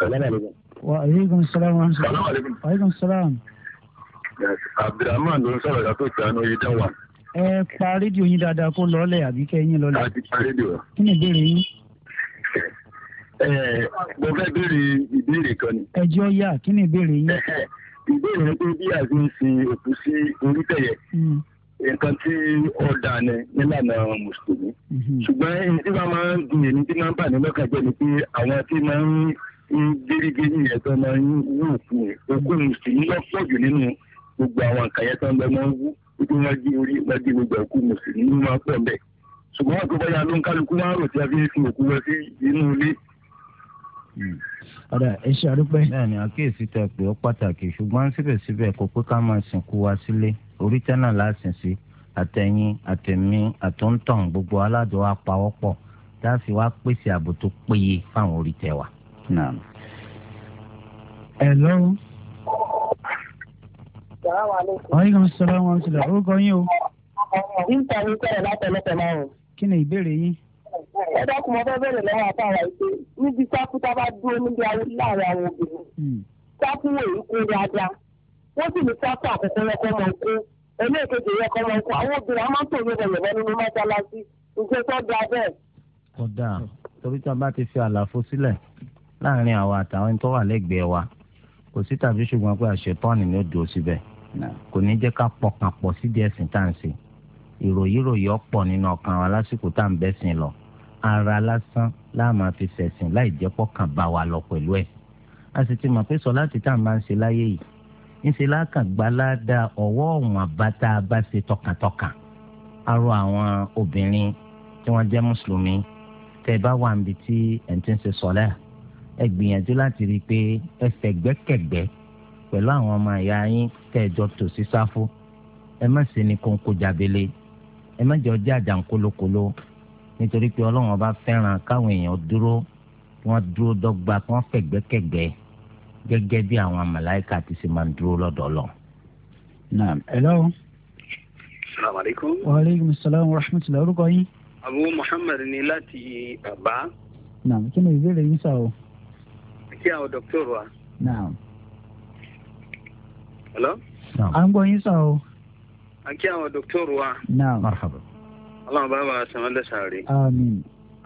wa aleykum salaam wa rahmatulah. wa aleykum salaam. abdulrahman ló ń sọ̀rọ̀ yàtọ̀ ìtànú yìí dán wa. ẹ pa rédíò yín dáadáa kó lọ́ọ́lẹ̀ àbí kẹ́yìn lọ́ọ́lẹ̀. a ti pa rédíò. kí ni ìbéèrè yín. mo fẹ́ béèrè ìbéèrè kan ni. ẹ jọ̀ọ́ yá kí ni ìbéèrè yín. ìbéèrè ni pé bí a ti ń sin òkú sí orí tẹ̀yẹ hmm. nǹkan tí ọ̀dà ni nílànà mùsùlùmí hmm. ṣùgbọ́n tí wọ́n máa ń dùn èmi tí máa ń bà ní lọ́kàn jẹ́ ni pé àwọn tí máa ń gírígírí yẹn tó máa ń wú òkú yẹn òkú mùsùlùmí lọ pọ̀ jù nínú gbogbo àwọn nǹkan yẹn tó ń bẹ máa ń wú wípé wọ́n gé orí wọ́n gé gbogbo òkú mùsùlùmí máa pọ̀ bẹ̀ ṣùgbọ́n wọn tó bá yà ló ń kálukú máa ń rò tí a fi ń fi òkú wọ sí inú ilé. Hmm. ọ̀rẹ́ ẹ ṣe àdúpẹ́. bẹ́ẹ̀ni àkíyèsí tẹ pé ó pàtàkì ṣùgbọ́n síbẹ̀síbẹ̀ kò pé ká máa sìnkú wa sílé orí tẹ́nà láàsìn sí àtẹ̀yìn àtẹ̀mí àtúntàn gbogbo aládùn apawọ́pọ̀ tá a fi wá pèsè ààbò tó péye fáwọn orí tẹ wa naam. hello. salaamaleykum. aleykum salaam wa rahmatulah. orúkọ yín o. níta mi sọ̀rọ̀ látọ̀lọ́tọ̀ náà o. kí ni ìbéèrè yín. ẹ dákun mo fẹ́ bẹ̀rẹ̀ lọ́wọ́ àtàwọn ìpè níbi sáfútà bá dúró níbi láàrin àwọn obìnrin. Hmm. sáfúwò yìí kú dáadáa wọ́n sì ní sáfù àkọ́kọ́ lọ́kọ́ máa ń kú ẹlẹ́ẹ̀kejì yẹ kọ́ máa ń kú àwọn obìnrin a máa ń tò ní ìrọ̀lẹ́ nínú mọ́ṣáláṣí ìjẹ́sọ́ da bẹ́ẹ̀. kódà torí tí a bá ti fi àlàfo sílẹ̀ láàrin àwa àtàwọn tó wà lẹ́gbẹ̀ẹ́ wa kò sí tàbí ṣùgbọ́n pé àṣetọ́ọ̀nì ló dùn síbẹ̀ kò ní jẹ́ ká pọkàn pọ̀ sídìí ẹ̀sìn tá à ń ṣe ìròyìnròyìn ọ̀pọ̀ nínú ọkàn wa lásìkò tá à ń bẹ́sìn lọ ara lásán láàmà fi ṣẹ̀sìn láì jẹ́ pọkàn bá wa lọ pẹ̀lú ẹ̀ a sì ti mọ̀ pé sọ láti tá à bá ń ṣe láyé yìí ńṣe lákàn gbalada ọwọ́ ọ̀wọ́n bàtà bá ṣe tọkàntọkàn arọ àwọn obìnrin tí wọ́n jẹ́ mùsùlùmí tẹ́ bá wà níbi tí ẹ̀ ń ti ń ṣe sọ́lẹ́ẹ̀ ẹ gbìyànjú láti rí i pé ẹ fẹ̀gbẹ́kẹ̀gbẹ́ pẹ̀lú àwọn ọmọ ìyá yín tẹ̀jọ tò sí sáfù ẹ má ṣe ní kónkó jábélé ẹ má jọ jẹ́ àjà ńkólókóló nítorí pé ọlọ́run ọba fẹ́ràn káwọn èèyàn dúró kí wọ́n dúró dọ́gba kí wọ́n fẹ̀gbẹ́kẹ̀gbẹ́ gẹ́gẹ́ bí àwọn màláìka ti ṣe máa ń dúró lọ́dọ̀ lọ. naam hello. salaamaleykum. waaleykum salaam wa rahmatulah orúkọ yín. abu muhammad ni láti bàbá. naam kí ni ìbéèrè yín sá tí o dọ́kítọ̀rù wa. Hello. à ń gbọ́ yín sọ o. a kí àwọn dọ́kítọ̀rù wa. ọlọ́run bá wa sàn án lẹ́sàn-án rè.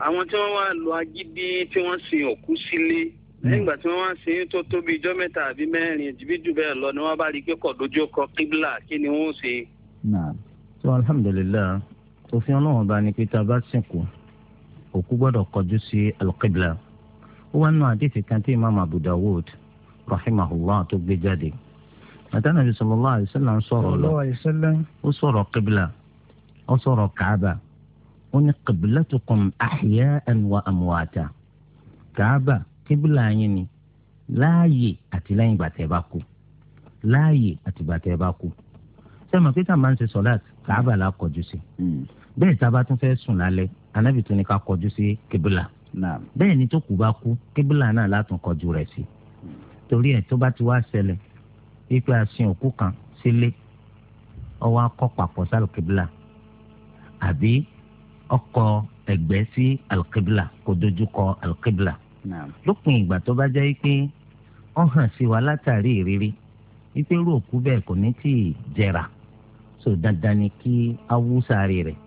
àwọn tí wọ́n wá lọ agídí tí wọ́n sin òkú sílé nígbà tí wọ́n wá sí tó tóbi ijọ́ mẹ́ta àbí mẹ́rin jìbí jù bẹ́ẹ̀ lọ ni wọ́n bá rí i pé kọ̀dójú kọ kíbla kí ni wọ́n ṣe. so alhamdulilayi òfin ọlọ́run bá ní pé tá a bá sìnkú òkú gbọ́dọ̀ kọjú sí alqibla ó wá nù àdìsí kan tí imam abu dawud rahimahullah tó gbé jáde àtànàbí sallallahu alaihi wasallam sọ̀rọ̀ lọ ó sọ̀rọ̀ qibla ó sọ̀rọ̀ kaaba ó ní qiblatukum ahya'an wa amwata kaaba qibla yín ni láàyè àti lẹ́yìn bàtẹ́ bá kú láàyè àti bàtẹ́ bá kú sẹ́mi pété máa ṣe sọ́láàtì kaaba la kọjú sí hmm. bẹ́ẹ̀ tá a bá tún fẹ́ sùn lálẹ́ anábì tún ní ká kọjú sí qibla bẹ́ẹ̀ ni tó kù bá kú kíbùlà náà látún kọjú rẹ̀ sí torí ẹ̀ tó bá ti wá ṣẹlẹ̀ wípé a sin òkú kan sílé ọwọ́ akọ́ papọ̀ sí alùkíbùlà àbí ọkọ̀ ẹ̀gbẹ́ sí alùkíbùlà kò dojú kọ alùkíbùlà lópin ìgbà tó bá jẹ́ pé ó hàn sí wa látàrí ìrírí wípé irú òkú bẹ́ẹ̀ kò ní tí ì jẹrà so dandan ni kí awúsàárì rẹ̀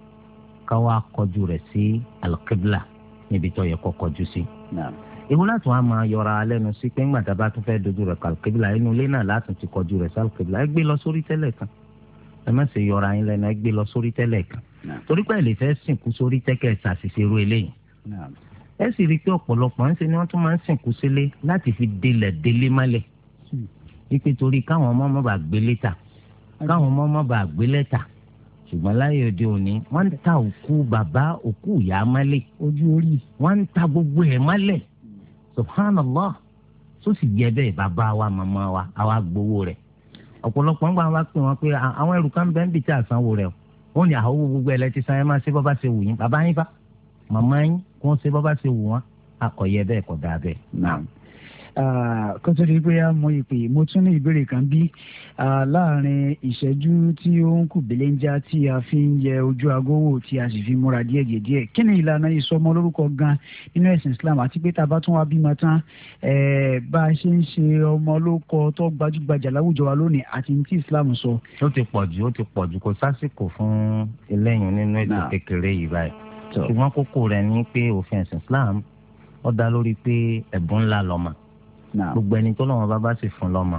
káwá kọjú rẹ̀ sí alùkíbùlà. Si níbi tó yẹ kó kọjú sí. èwo láti wá máa yọra lẹ́nu sí pé ńgbà tábà tún fẹ́ dojú rẹ̀ kàlùkébìlà inú ilé náà láti ti kọjú rẹ̀ sàlùkébìlà ẹ gbé lọ sórí tẹ́lẹ̀ kan ẹ má ṣe yọra yín lẹ́nu ẹ gbé lọ sórí tẹ́lẹ̀ kan torí pé ẹ lè fẹ́ sìnkú sórí tẹ́kẹ̀ ṣàṣìṣe ru eléyìí ẹ sì rí i pé ọ̀pọ̀lọpọ̀ ń ṣe ni wọ́n tún máa ń sìnkú sílé láti fi délẹ̀ délé mọ́lẹ̀ hmm. wípé torí káwọn ọmọ ọmọ bá gbé lẹ́tà káwọn ọmọ ọmọ bá gbé lẹ́tà ṣùgbọ́n láyé òde òní wọ́n ń ta òkú bàbá òkú ìyá mọ́lẹ̀ ojú orí wọ́n ń ta gbogbo ẹ̀ mọ́lẹ̀ subhanallah tó sì jẹ́ bẹ́ẹ̀ bàbá wa màmá wa àwa gbowó rẹ̀ ọ̀pọ̀lọpọ̀ ń gbà wá pé wọ́n pé àwọn ẹrù kan bẹ́ẹ̀ ń bìtẹ́ àsanwó rẹ̀ ó ní àwọn owó gbogbo ẹ̀ lẹ́tí sáyẹn máa ṣe bọ́ bá ṣe wù yín bàbá yín bá màmá yín kó ń ṣe bọ́ bá ṣe wù wọ́n akọ̀yẹ bẹ́ẹ̀ kọ̀ dáa bẹ́ẹ̀ kó tó di pé a mọ ìpè mo tún ní ìbéèrè kan bí láàrin ìṣẹ́jú tí ó ń kù belenja tí a fi ń yẹ ojú aago tí a sì fi múra díẹ̀ kí ni ìlànà ìsọmọ lórúkọ gan nínú ẹ̀sìn Islam àti pé tá a bá tún wá bímọ tán bá a ṣe ń ṣe ọmọ lórúkọ tó gbajúgbajà láwùjọ wa lónìí àti ní ti Islam sọ. ó ti pọ̀ jù ó ti pọ̀ jù kò sásìkò fún eléyìí nínú ètò kékeré yìí báyìí ṣùgbọ́n kókó rẹ̀ ni pé òfin ẹ̀sìn Islam ó dá lórí pé ẹ̀bùn ńlá lọ́mọ gbogbo ẹni tó lọ́wọ́ bá bá sì fún lọ́mọ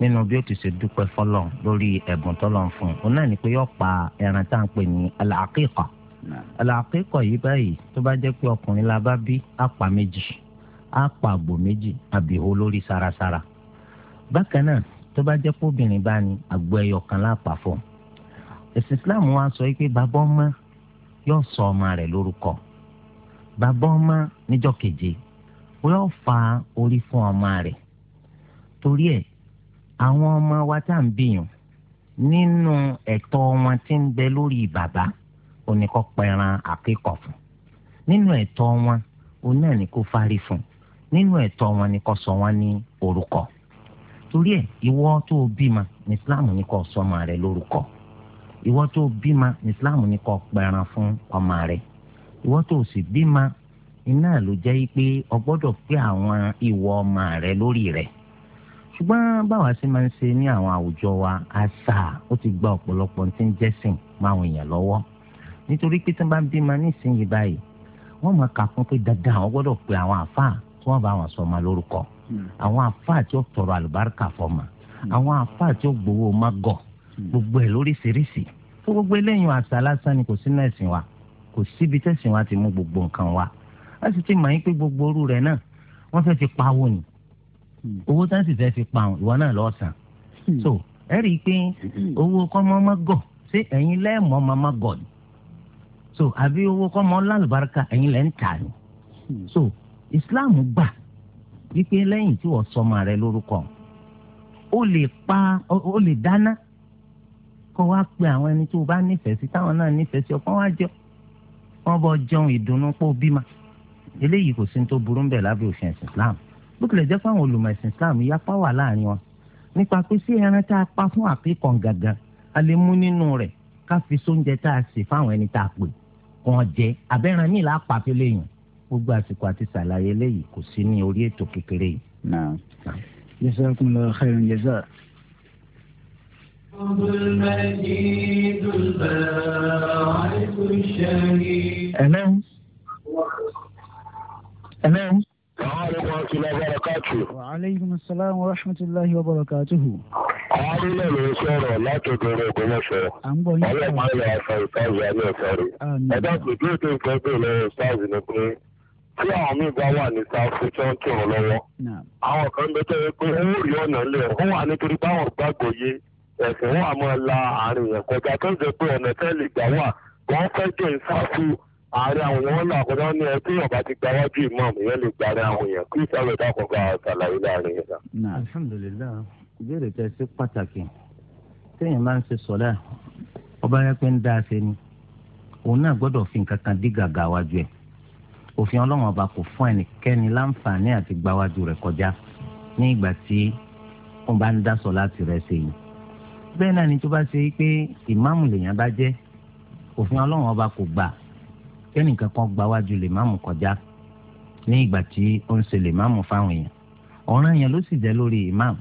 nínú bí ó ti ṣe dúpẹ́ fọlọ́ lórí ẹ̀bùn tó lọ́n fún un náà ni pé yóò pa ẹran tá à ń pè ní alàkíkọ̀ alàkíkọ̀ yìí báyìí tó bá jẹ́ pé ọkùnrin la bá bí àpà méjì àpà àgbò méjì àbíhó lórí sarasara bákan náà tó bá jẹ́ pé obìnrin bá ní àgbò ẹyọ kan lápá fún un ẹ̀sìn Islam wa sọ pé bàbá ọmọ yóò sọ ọmọ rẹ̀ lórúkọ bàbá ọmọ níjọ́ keje ó yọ fa orí fún ọmọ rẹ̀ torí ẹ̀ àwọn ọmọ wa tá à ń bìyàn nínú ẹ̀tọ́ wọn tí ń bẹ lórí bàbá òní kó pẹran àkíkọ̀ fún nínú ẹ̀tọ́ wọn òun náà ni fárí fún nínú ẹ̀tọ́ wọn ni kó sọ wọn ní orúkọ torí ẹ ìwọ tó o bímọ ní Islam ní kó sọ ọmọ rẹ lórúkọ ìwọ tó o bímọ ní Islam ní kó pẹran fún ọmọ rẹ ìwọ tó o sì bímọ iná ló jẹ́ pé o gbọ́dọ̀ pé àwọn ìwọ ọmọ rẹ lórí rẹ ṣùgbọ́n báwa ṣe máa ń ṣe ní àwọn àwùjọ wa àṣà ó ti gba ọ̀pọ̀lọpọ̀ tí ń jẹ́sìn máa wọ̀n yàn lọ́wọ́ nítorí pé tí wọ́n bá ń bímọ nísìnyìí báyìí wọ́n máa kà fún pé dandan àwọn gbọ́dọ̀ pé àwọn àfáà tí wọ́n bá wọn sọ ọmọ lórúkọ àwọn àfáà tí ó tọrọ àlùbáríkà fọmọ àwọn àfáà tí ó gbowó magọ gbogbo ẹ̀ lóríṣiríṣi tó gbogbo eléyìí àṣà lásán ni kò sí náà ẹ̀sìn wa kò síbi tẹ̀sìn wa ti mú gbogbo nǹkan wa a sì ti mọ̀ yín pé gbogbo orú rẹ̀ náà wọ́n fẹ́ fi pawó ni hmm. owó tá sì fẹ́ fi pa ìwọ náà lọ́ọ́ san hmm. so ẹ rí i pé hmm. owó kọ́mọ́mọ́ gọ̀ ṣé ẹ̀yin lẹ́ẹ̀mọ́ mọ́mọ́ gọ̀ ni so àbí owó kọ́mọ́ lálùbáríkà ẹ̀yin lẹ́ ń tà ni so Islam gbà wípé lẹ́yìn tí wọ́n sọmọ rẹ lórúkọ o lè pa o lè dáná kó wá pe àwọn ẹni tó o bá nífẹ̀ẹ́ sí táwọn náà nífẹ̀ẹ́ sí ọ kó wá jẹun wọ́n bọ jẹun ìdùnnú pọ̀ bímọ eléyìí kò sí ní tó burú ń bẹ̀ lábẹ́ òfin ẹ̀sìn islam bó tilẹ̀ jẹ́ fáwọn olùmọ̀ ẹ̀sìn islam ìyapa wà láàrin wọn nípa pé sí ẹran tá a pa fún àpékàn gàgà a lè mú nínú rẹ̀ ká fi sóúnjẹ tá a sè fáwọn ẹni tá a pè kàn jẹ abẹ́ran míì lápá fẹ́lẹ́ yìí gbogbo àsìkò àti sàlàyé eléyìí kò sí ní orí ètò kékeré yìí. jazakumullahu khairan jazaa. المجيد البارئ الشهيد ẹ̀lẹ́. àwọn àlejò àti ilẹ̀ bọ̀rọ̀ káàtì. wa aleykum salaam wa rahmatulahi wa barakatuhu. àwọn nílẹ̀ ló ń sọ̀rọ̀ láti ìdúró ìpínlẹ̀ṣẹ̀. à ń bọ̀ yín. ọlọ́mọ ilẹ̀ àṣà ìsáàzì àmì ìsáàrì. ẹ̀dá kò dé ètò ìtọ́jú ilẹ̀ ìsáàzì ni pé tí àwọn míì bá wà ní sáfù tí wọ́n kírun lọ́wọ́. àwọn kan bẹ tẹ́lẹ̀ pé ó rí ọ̀nà lẹ̀ ó wà nítorí báwọn gbàgbọ́ yé ẹ̀sìn wọn àmọ́ la àárín yẹn kọjá tó ń jẹ pé ọ̀nà tẹ́lẹ̀ gbà wà wọ́n fẹ́ jẹ́ ìsáfù àárín àwọn èèyàn náà kọjá ní ẹkú yàn bá ti gba wájú imam ìyẹn lè gba àárín àwọn èèyàn kí ìsàlẹ̀ dákun bá ṣàlàyé láàrin yẹn. na alhamdulilayi ìbéèrè tẹ sí pàtàkì téèyàn máa ń ṣe sọlá ọba yẹn pé ń dá a ni òun náà gbọ́dọ̀ fi nǹkan kan dí gàgà wájú ẹ̀ òfin ọlọ́run ọba kò fún ẹnikẹ́ni láǹfààní àti gba wájú rẹ̀ kọjá ní ìgbà tí wọ́n bá ń dá sọlá tirẹ̀ ṣe yìí bẹ́ẹ̀ náà ni tó bá ṣe pé ìmáàmù lèèyàn bá jẹ́ òfin ọlọ́run ọba kò gbà kẹ́nìkan kan gba wájú lè máàmù kọjá ní ìgbà tí ó ń ṣe lè máàmù fáwọn èèyàn ọ̀ràn yẹn ló sì jẹ́ lórí ìmáàmù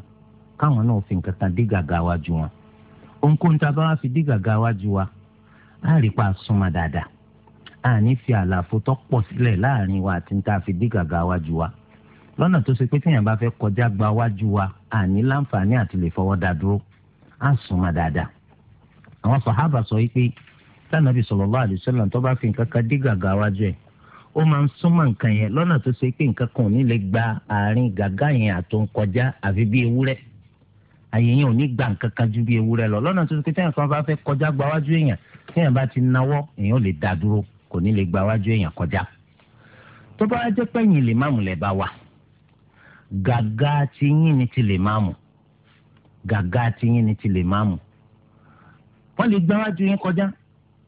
káwọn náà fi nǹkan kan dí gàgà wájú wọn ohunkóhun tá a bá wá fi dí gàgà wájú wa á rí pa súnmọ́ dáadáa á ní fi àlàfo tó pọ̀ sílẹ̀ láàrin wa àti tá a fi dí gàgà wájú wa lọ́nà tó ṣe pé tíyàn bá fẹ́ kọjá gba wájú wa á láǹfààní àti lè fọwọ́ dá dúró á súnmọ́ dáadáa àwọn sàhábà sọ yìí pé tánàbí sallallahu alaihi wasallam tó bá fi nǹkan kan dí gàgà wájú ẹ̀ ó máa ń súnmọ́ nǹkan yẹn lọ́nà tó ṣe pé nǹkan kan ò ní lè gba àárín gàgà yẹn àtò kọjá àfi bí ewúrẹ́ àyè yẹn ò ní gba nǹkan kan ju bí ewúrẹ́ lọ lọ́nà tó ṣe pé téèyàn kan bá fẹ́ kọjá gba wájú èèyàn téèyàn bá ti náwọ́ èèyàn ò lè dá dúró kò ní lè gba wájú èèyàn kọjá tó bá jẹ́ pé yìn lè máàmù lẹ̀ bá wà gàgà ti yín ni ti lè máàmù gàgà ti yín ni ti lè máàmù wọ́n lè gbáwájú yín kọjá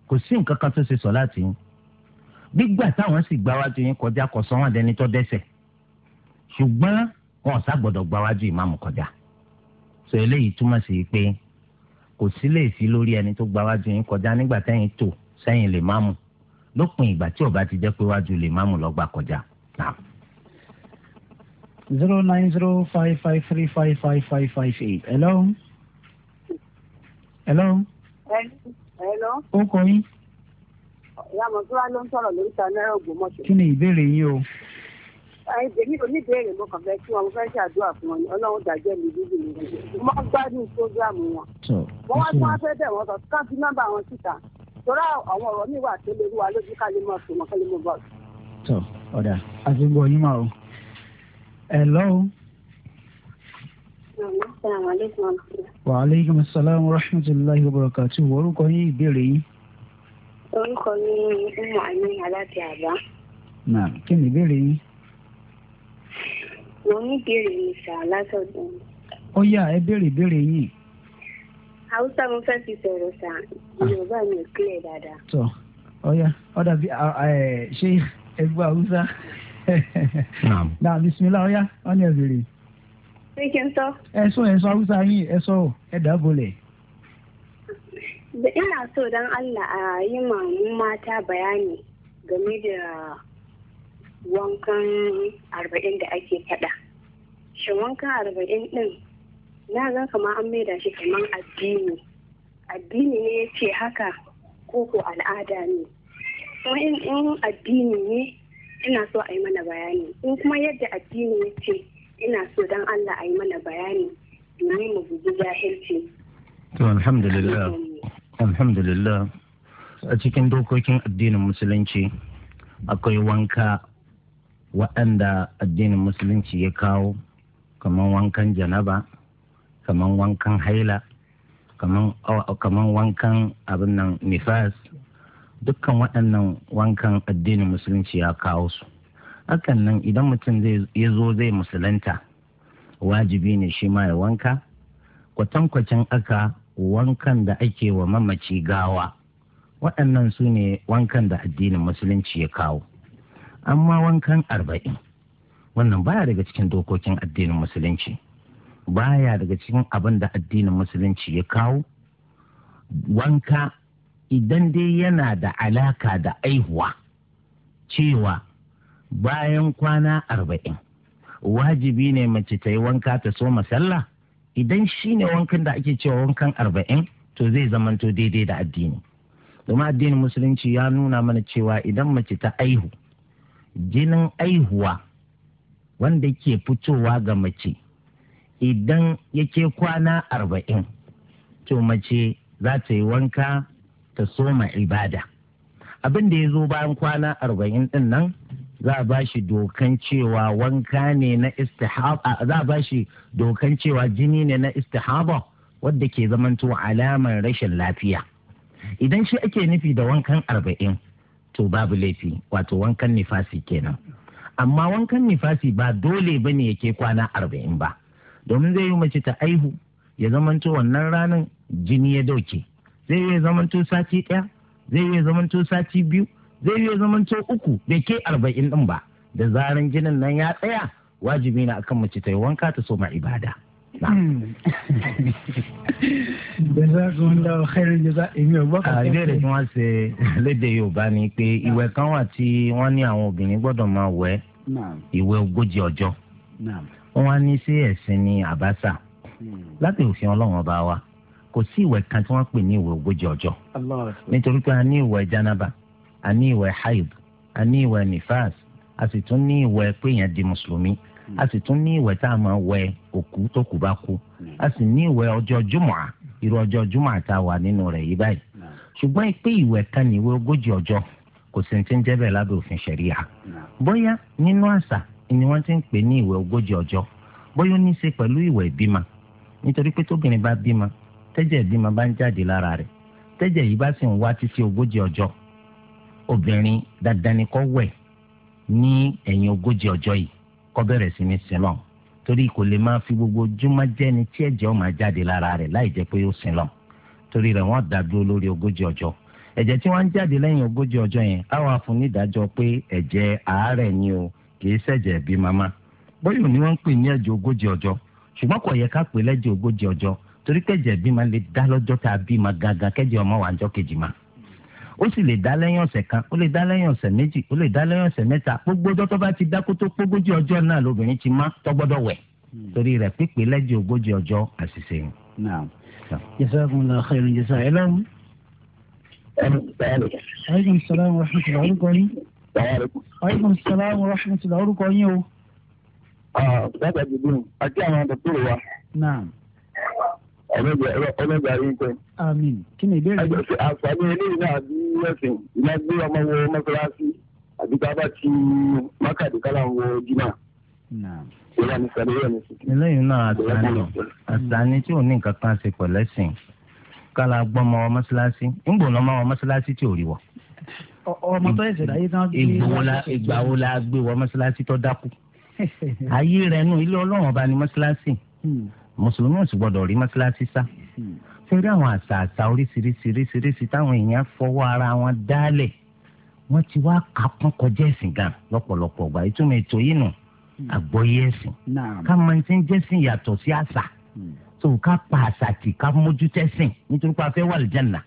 kò sí nǹkan kan tó ṣe sọ láti yín gbígbà táwọn sì gbáwájú yín kọjá kò sọ wọn dẹni tó dẹ́ṣẹ̀ ṣùgbọ́n wọn ò ságbọ́dọ̀ gbáwájú ìmáàmù kọjá sọ eléyìí túmọ̀ sí pé kò sí lè fi lórí ẹni tó gbáwájú yín kọjá nígbà tẹ́yìn tò sẹ́yìn lè máàmù lópin ìgbà tí ó bá ti jẹ́ pé wájú lè máàmù ló gbà kọjá zero nine zero five five three five five five five eight. Hello. Hello. Hello. ó kọ yín. ìyá mọ̀túrà ló ń sọ̀rọ̀ lóríta náírà Ògbómọ̀ṣọ́. kí ni ìbéèrè yín o. èmi ò ní ìbéèrè mo kàn fẹ́ kí wọn mo fẹ́ ṣàdúrà fún wọn ọlọ́run dàjẹ́ mi bíbí mi mo máa ń gbádùn prógráàmù wọn. wọ́n wá tí wọ́n fẹ́ bẹ̀ wọ́n sọ ká fi nọ́mbà wọn síta torí àwọn ọ̀rọ̀ mi wà tó léwu wa lójú ká lè mọ̀ sí wọn ká lè mọ̀ bọ̀. tọ ọ̀dà àti gbọ́ yín máa o. ẹ̀ lọ́wọ́ wa aleykum salaam wa rahmatulahi wa barakatu orúkọ yín ìbéèrè yín. orúkọ mi ni umu amin aláti àbá. náà kí ni ìbéèrè yín. mo ní ìbéèrè mi sà látọ̀dọ̀. ó yá ẹ béèrè ìbéèrè yín. haúsá mo fẹ́ fi sọ̀rọ̀ sà yorùbá ah. mi ò kílẹ̀ dáadáa. tọ ó yá ó dàbí ṣé ẹgbẹ́ haúsá. náà (laughs) bisimilahi ó yá ó ní ẹ béèrè. ṣé so ẹ sọ ẹ sọ haúsá yín ẹ sọ ẹ ina so don allah a yi ma mata bayani game da wankan arba'in da ake faɗa. Shin wankan arba'in ɗin na ga kama an da shi kaman addini. Addini ne ya ce haka ko ko al'ada ne. Kuma in addini ne ina so a yi mana bayani. In kuma yadda addini ya ce ina so don Allah a yi mana bayani domin mu guji jahilci. To alhamdulillah. Alhamdulillah. A cikin dokokin addinin musulunci akwai wanka waɗanda addinin musulunci ya kawo kamar wankan janaba, kamar wankan haila, kamar oh, wankan abin nan nifas, dukkan waɗannan wankan addinin musulunci ya kawo su. hakan nan idan mutum ya zo zai musulunta wajibi ne shi ma ya wanka kwatankwacin aka wankan da ake wa mamaci gawa waɗannan su ne wankan da addinin musulunci ya kawo amma wankan arba'in wannan baya daga cikin dokokin addinin musulunci baya daga cikin abin da addinin musulunci ya kawo wanka idan dai yana da alaka da aihuwa cewa bayan kwana arba'in wajibi ne mace ta yi wanka ta soma sallah idan shi ne wankan da ake cewa wankan arba'in to zai zamanto daidai da addini domin addinin musulunci ya nuna mana cewa idan mace ta aihu jinin aihuwa wanda ke fitowa ga mace idan yake kwana arba'in to mace za ta yi wanka ta soma ibada abin da ya zo bayan kwana arba'in din nan za a bashi dokan cewa wanka ne na istihaba za a bashi dokan cewa jini ne na istihaba wadda ke zamanto alamar rashin lafiya idan shi ake nufi da wankan arba'in to babu laifi wato wankan nifasi kenan amma wankan nifasi ba dole ba ne yake kwana arba'in ba domin zai yi mace ta aihu ya zamanto wannan ranar jini ya dauke zai yi zamanto sati ɗaya zai yi zamanto sati biyu zai iya zamanto uku bai ke arba'in din ba da zaran jinin nan ya tsaya wajibi na akan mace ta yi wanka ta soma ibada. Hmm. jazakumullahu khairan jaza èmi ò gbọ́ kàtà. ìbéèrè tí wọ́n ṣe léde Yorùbá ni pé ìwẹ̀ kan wà tí wọ́n ní àwọn obìnrin gbọ́dọ̀ máa wẹ̀ ìwẹ̀ ogójì ọjọ́ wọ́n wá ní sí ẹ̀sìn ní àbáṣà hmm. láti òfin Ọlọ́run ọba wa kò sí ìwẹ̀ kan tí wọ́n pè ní ìwẹ̀ ogójì ọjọ́ nítorí pé a ní ìwẹ̀ jánábà a ní ìwẹ̀ haid a ní ìwẹ̀ nifas a sì tún ní ìwẹ̀ péyàn di mùsùlùmí a sì tún ní ìwẹ̀ tá a máa wẹ̀ òkú tó kù bá kú a sì ní ìwẹ̀ ọjọ́ jùmọ̀à irú ọjọ́ jùmọ̀à tá a wà nínú rẹ̀ yí báyìí ṣùgbọ́n pé ìwẹ̀ kan ní ìwẹ̀ ogójì ọjọ́ kò sì ti ń jẹ́ bẹ́ẹ̀ lábẹ́ òfin ṣẹ̀ríà bóyá nínú àṣà ni wọ́n ti ń pè ní ìwẹ̀ ogójì ọjọ́ bóyá ó ní í ṣe pẹ̀lú ìwẹ̀ ìbímọ nítorí pé tóbìnrin bá bímọ tẹ́jẹ̀ ìbímọ bá ń jáde lára rẹ̀ tẹ́jẹ̀ yìí bá sì ń wá títí ogójì ọjọ́ obìnrin dandan ni kó wẹ̀ ní ẹ̀yìn ogójì ọjọ́ yìí kó bẹ̀rẹ̀ sí ní sinlọ torí kò lè máa fi gbogbo ojúmọ́ jẹ́ni tí ẹ̀jẹ̀ ó máa jáde lára rẹ̀ láì jẹ́ pé ó sinlọ torí rẹ̀ wọ́n dàdúró lórí ogójì ọjọ́ ẹ̀jẹ̀ tí wọ́n ń jáde lẹ́yìn ogójì ọjọ́ yẹn á wà fún nídàájọ́ pé ẹ̀jẹ̀ àárẹ̀ ni o kì í ṣẹ̀jẹ̀ bí mama bóyá ni wọ́n ń pè ní ẹ̀jẹ̀ ogójì ọjọ́ ṣùgbọ́n kò yẹ ká pè lẹ́jẹ̀ ogójì ọjọ́ torí kẹ̀jẹ̀ bí ma lè dá lọ́jọ́ tá a bí ma gangan kẹ́jẹ̀ ọmọ wà ń kejì ma ó sì lè dá lẹ́yìn ọ̀sẹ̀ kan ó lè dá lẹ́yìn ọ̀sẹ̀ méjì ó lè dá lẹ́yìn ọ̀sẹ̀ mẹ́ta gbogbo ọjọ́ tó bá ti dá kó tó pógójì ọjọ́ náà lóbìnrin ti má tọ́gbọ́dọ̀ wẹ̀ hmm. torí rẹ̀ pípé lẹ́jẹ̀ ogójì ọjọ́ àṣìṣe yìí. naam jazakumullahu khairan jasa ẹ lọ́run. aleykum salaam wa rahmatulah orúkọ yín. aleykum salaam wa rahmatulah orúkọ yín o. bàbá ah, jìbìrì àti àwọn àtàkùrọ̀ wa. naam ọlọ́gbà ọlọ́gbà yín kọ́. àmín kí ni ìbéèrè yín. àǹfààní eléyìí náà bí nínú ẹ̀sìn ìyá gbé ọmọ wọ mọ́sálásí àbí tá a bá ti mákàdé kálá wọ jimá. eléyìí náà àtàní àtàní tí ò ní nǹkan kan ṣe pẹ̀lẹ́sìn kálá gbọ́mọ mọ́sálásí ń gbòòná mọ́ mọ́sálásí tí ò rí wọ̀ ọmọ tó ẹsẹ̀ láyé náà bí ìgbà wo la gbé wọ mọ́ṣáláṣí tó dákú (laughs) ayé rẹ nù ilé ọlọ́run ọba ni mọ́ṣáláṣí hmm. mùsùlùmí ò sì gbọdọ̀ rí mọ́ṣáláṣí sá hmm ṣe rí àwọn àṣà àṣà oríṣiríṣiríṣiríṣi táwọn èèyàn fọwọ́ ara wọn dálẹ̀ wọ́n ti wá kakún kọjá ẹ̀sìn gan lọ́pọ̀lọpọ̀ ọgbà ìtumọ̀ ètò yìí nù hmm. àgbọ́yé ẹ̀sìn ká máa ń ti ń jẹ́sìn yàtọ̀ sí àṣà tó hmm. ká pa àṣà tì ká mójú tẹ́sìn nítorí pé a fẹ́ wà lìjẹ́nà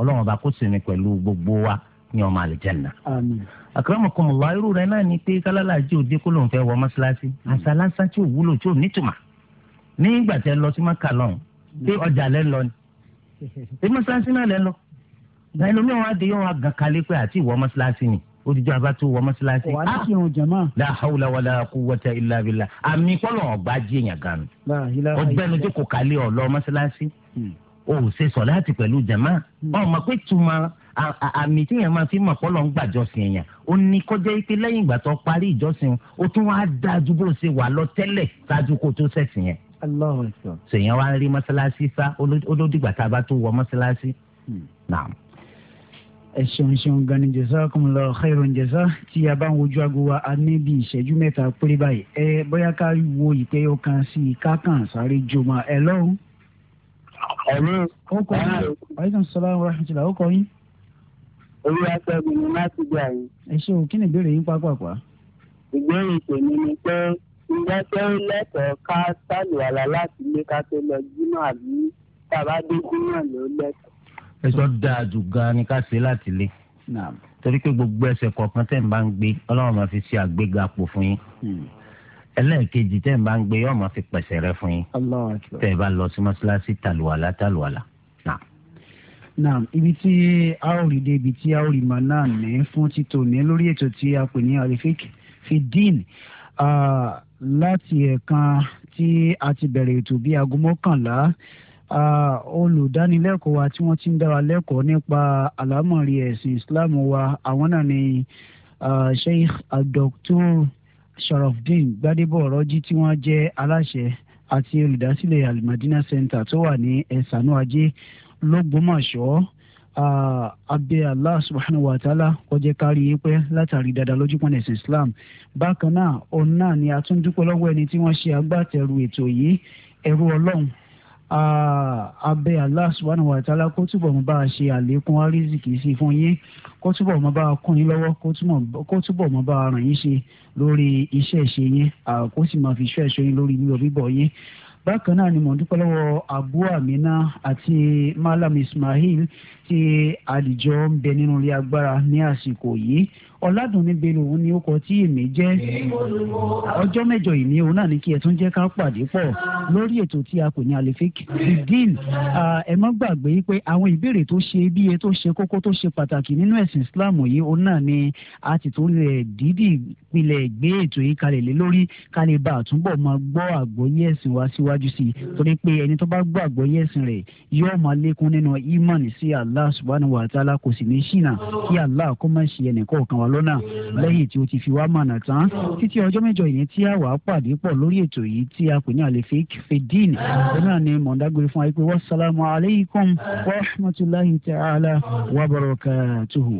ọlọ́run bá kó sì ní pẹ̀lú gbogbo wa ní ọmọ àlìjẹ́nà. àkàràmọ̀kọ̀mọ̀lá irú rẹ̀ náà ni pé kálálàájì òde kó lóun fẹ́ wọ mọ́ṣáláṣí àṣà lásán tí ò wúlò tí ò nítumọ̀ nígbà tẹ́ lọ sí mọ́kàlọ́hún bí ọjà lẹ́ ń lọ ni bí mọ́ṣáláṣí náà lẹ́ ń lọ gba ẹlòmíràn wá dé yóò wá gàn kalẹ̀ pé àti ìwọ mọ́ṣáláṣí ni odidi aba tó wọ mọ́ṣáláṣí. wà á kírun jama. la hawla wala quwwata illa billah àmì kọ́lọ̀ ọ̀gbá jí èèyàn gan. ọgbẹ́ni tó kò kalẹ̀ ọ̀ lọ mọ́ṣáláṣí hmm. o ò ṣe sọ̀láàtì pẹ̀lú jama. Hmm. ọmọ pé tuma àmì tí yẹn máa fi mọ̀ kọ́lọ̀ ń gbàjọsìn èèyàn ó ní kọjá ipe lẹ́yìn ìgbà tó parí ìjọsìn ó tún wá dáa ju bó ṣe wà lọ tẹ́lẹ̀ ṣáájú kó tó ṣẹ̀sìn yẹn sèyàn wá rí mọ́sálásí sá olódìgbà tá a bá tó wọ mọ́sálásí. Hmm. ẹ ṣeun ṣeun ganin jẹsọ kọmọlọ xeyrọn jẹsọ tí a bá ń wojú aago wa a ní bí ìṣẹ́jú mẹ́ta péré báyìí ẹ bóyá ká wo ìpè yóò kan sí i ká kàn sáré jọmọ ẹ lọ́hùn. ọ̀rẹ́ ó kọ́ yín aleykum salaam wa rahmatulah ó kọ́ yín. olúwa sẹ́gun ni má ti gbà yín. ẹ ṣeun kí ni ìbéèrè yín pápá pa. ìbéèrè tèmi ni pé ǹjẹ́ ṣé ó lẹ́tọ̀ọ́ ká ṣàlùwàlà láti ilé ká tó lọ jímọ̀ àbí tàbá dé jímọ̀ ló lẹ́tọ̀ọ́. ẹ sọ dáa jù ganan ni ká ṣe láti ilé torí pé gbogbo ẹsẹ̀ kọ̀ọ̀kan tẹ̀ ń bá ń gbé ọlọ́run máa fi ṣe àgbéga pò fún yín hmm. ẹlẹ́ẹ̀kejì tẹ̀ ń bá ń gbé yóò máa fi pẹ̀sẹ̀ rẹ fún yín tẹ̀ ẹ bá lọ sí mọ́ṣáláṣí tàlùwàlà tàlùwàlà. Naam, ibi tí a ó rí dé ibi tí a ó rí màá náà ní fún títò ní lórí ètò tí a pè ní àlefèkì fi dín. Ah, láti ẹ̀ka tí a ti bẹ̀rẹ̀ ètò bíi aago mọ́kànlá olùdánilẹ́kọ̀ọ́ wa tí wọ́n ti ń dára lẹ́kọ̀ọ́ nípa àlámọ̀rí ẹ̀sìn Islam wa àwọn náà ni Sheikh Dr. Sharafdin Gbadebo ọ̀rọ̀jì tí wọ́n jẹ́ aláṣẹ àti olùdásílẹ̀ Al-Madina Center tó wà ní ẹ̀sánú ajé lọ́gbọ́mọ̀ṣọ́ abẹ́ allah subhanahu wa ta'ala kọjá kárí yín pẹ́ látàrí dáadáa lójú pọ̀n ẹ̀sìn islam bákan náà òun náà ni a tún dúpẹ́ lọ́wọ́ ẹni tí wọ́n ṣe agbátẹrù ètò yìí ẹrú ọlọ́run abẹ́ allah subhanahu wa ta'ala kó túbọ̀ mọ́ bá a ṣe àlékún àrísìkí sí fún yín kó túbọ̀ mọ́ bá a kún yín lọ́wọ́ kó túbọ̀ mọ́ bá a ràn yín ṣe lórí iṣẹ́ ìṣe yín kó sì máa fi iṣẹ́ ìṣe yín lórí bíbọ̀ bíbọ̀ bákan náà ni mò ń dúpẹ́ lọ́wọ́ abu amina àti malam ismail tí àlìjọ ń bẹ nínú ilé agbára ní àsìkò yìí ọ̀làdùnní bẹ́ẹ̀ lòun ni ó kọ tí èmi jẹ́ ọjọ́ mẹ́jọ ìní òun náà ni kí ẹ tún jẹ́ ká pàdé pọ̀ lórí ètò tí a pè ní alifik bidin ẹ má gbàgbé pé àwọn ìbéèrè tó ṣe bí e tó ṣe kókó tó ṣe pàtàkì nínú ẹ̀sìn Islam yìí òun náà ni a ti tó rẹ̀ dídì ìpìlẹ̀ gbé ètò yìí kalẹ̀ lé lórí ká lè bá àtúbọ̀ máa gbọ́ àgbọ́yé ẹ̀sìn wa síwájú sí i torí pé ẹni tó bá gbọ́ àgbọ́yé ẹ̀sìn rẹ̀ yóò máa lékún nínú ìmánì sí Allah subhanahu wa ta'ala kò sì ní ṣìnà kí Allah kó má ṣe ẹnì kọ̀ọ̀kan wa lọ́nà lẹ́yìn tí ó ti fi wá mọ̀nà tán títí ọjọ́ mẹ́jọ yìí tí a wà á pàdé pọ̀ lórí ètò yìí tí a pè ní àlefi fedin náà ni mọ̀ndágbére fún wa pé wassalamu alaikum wa rahmatulahi ta'ala wa barakatuhu.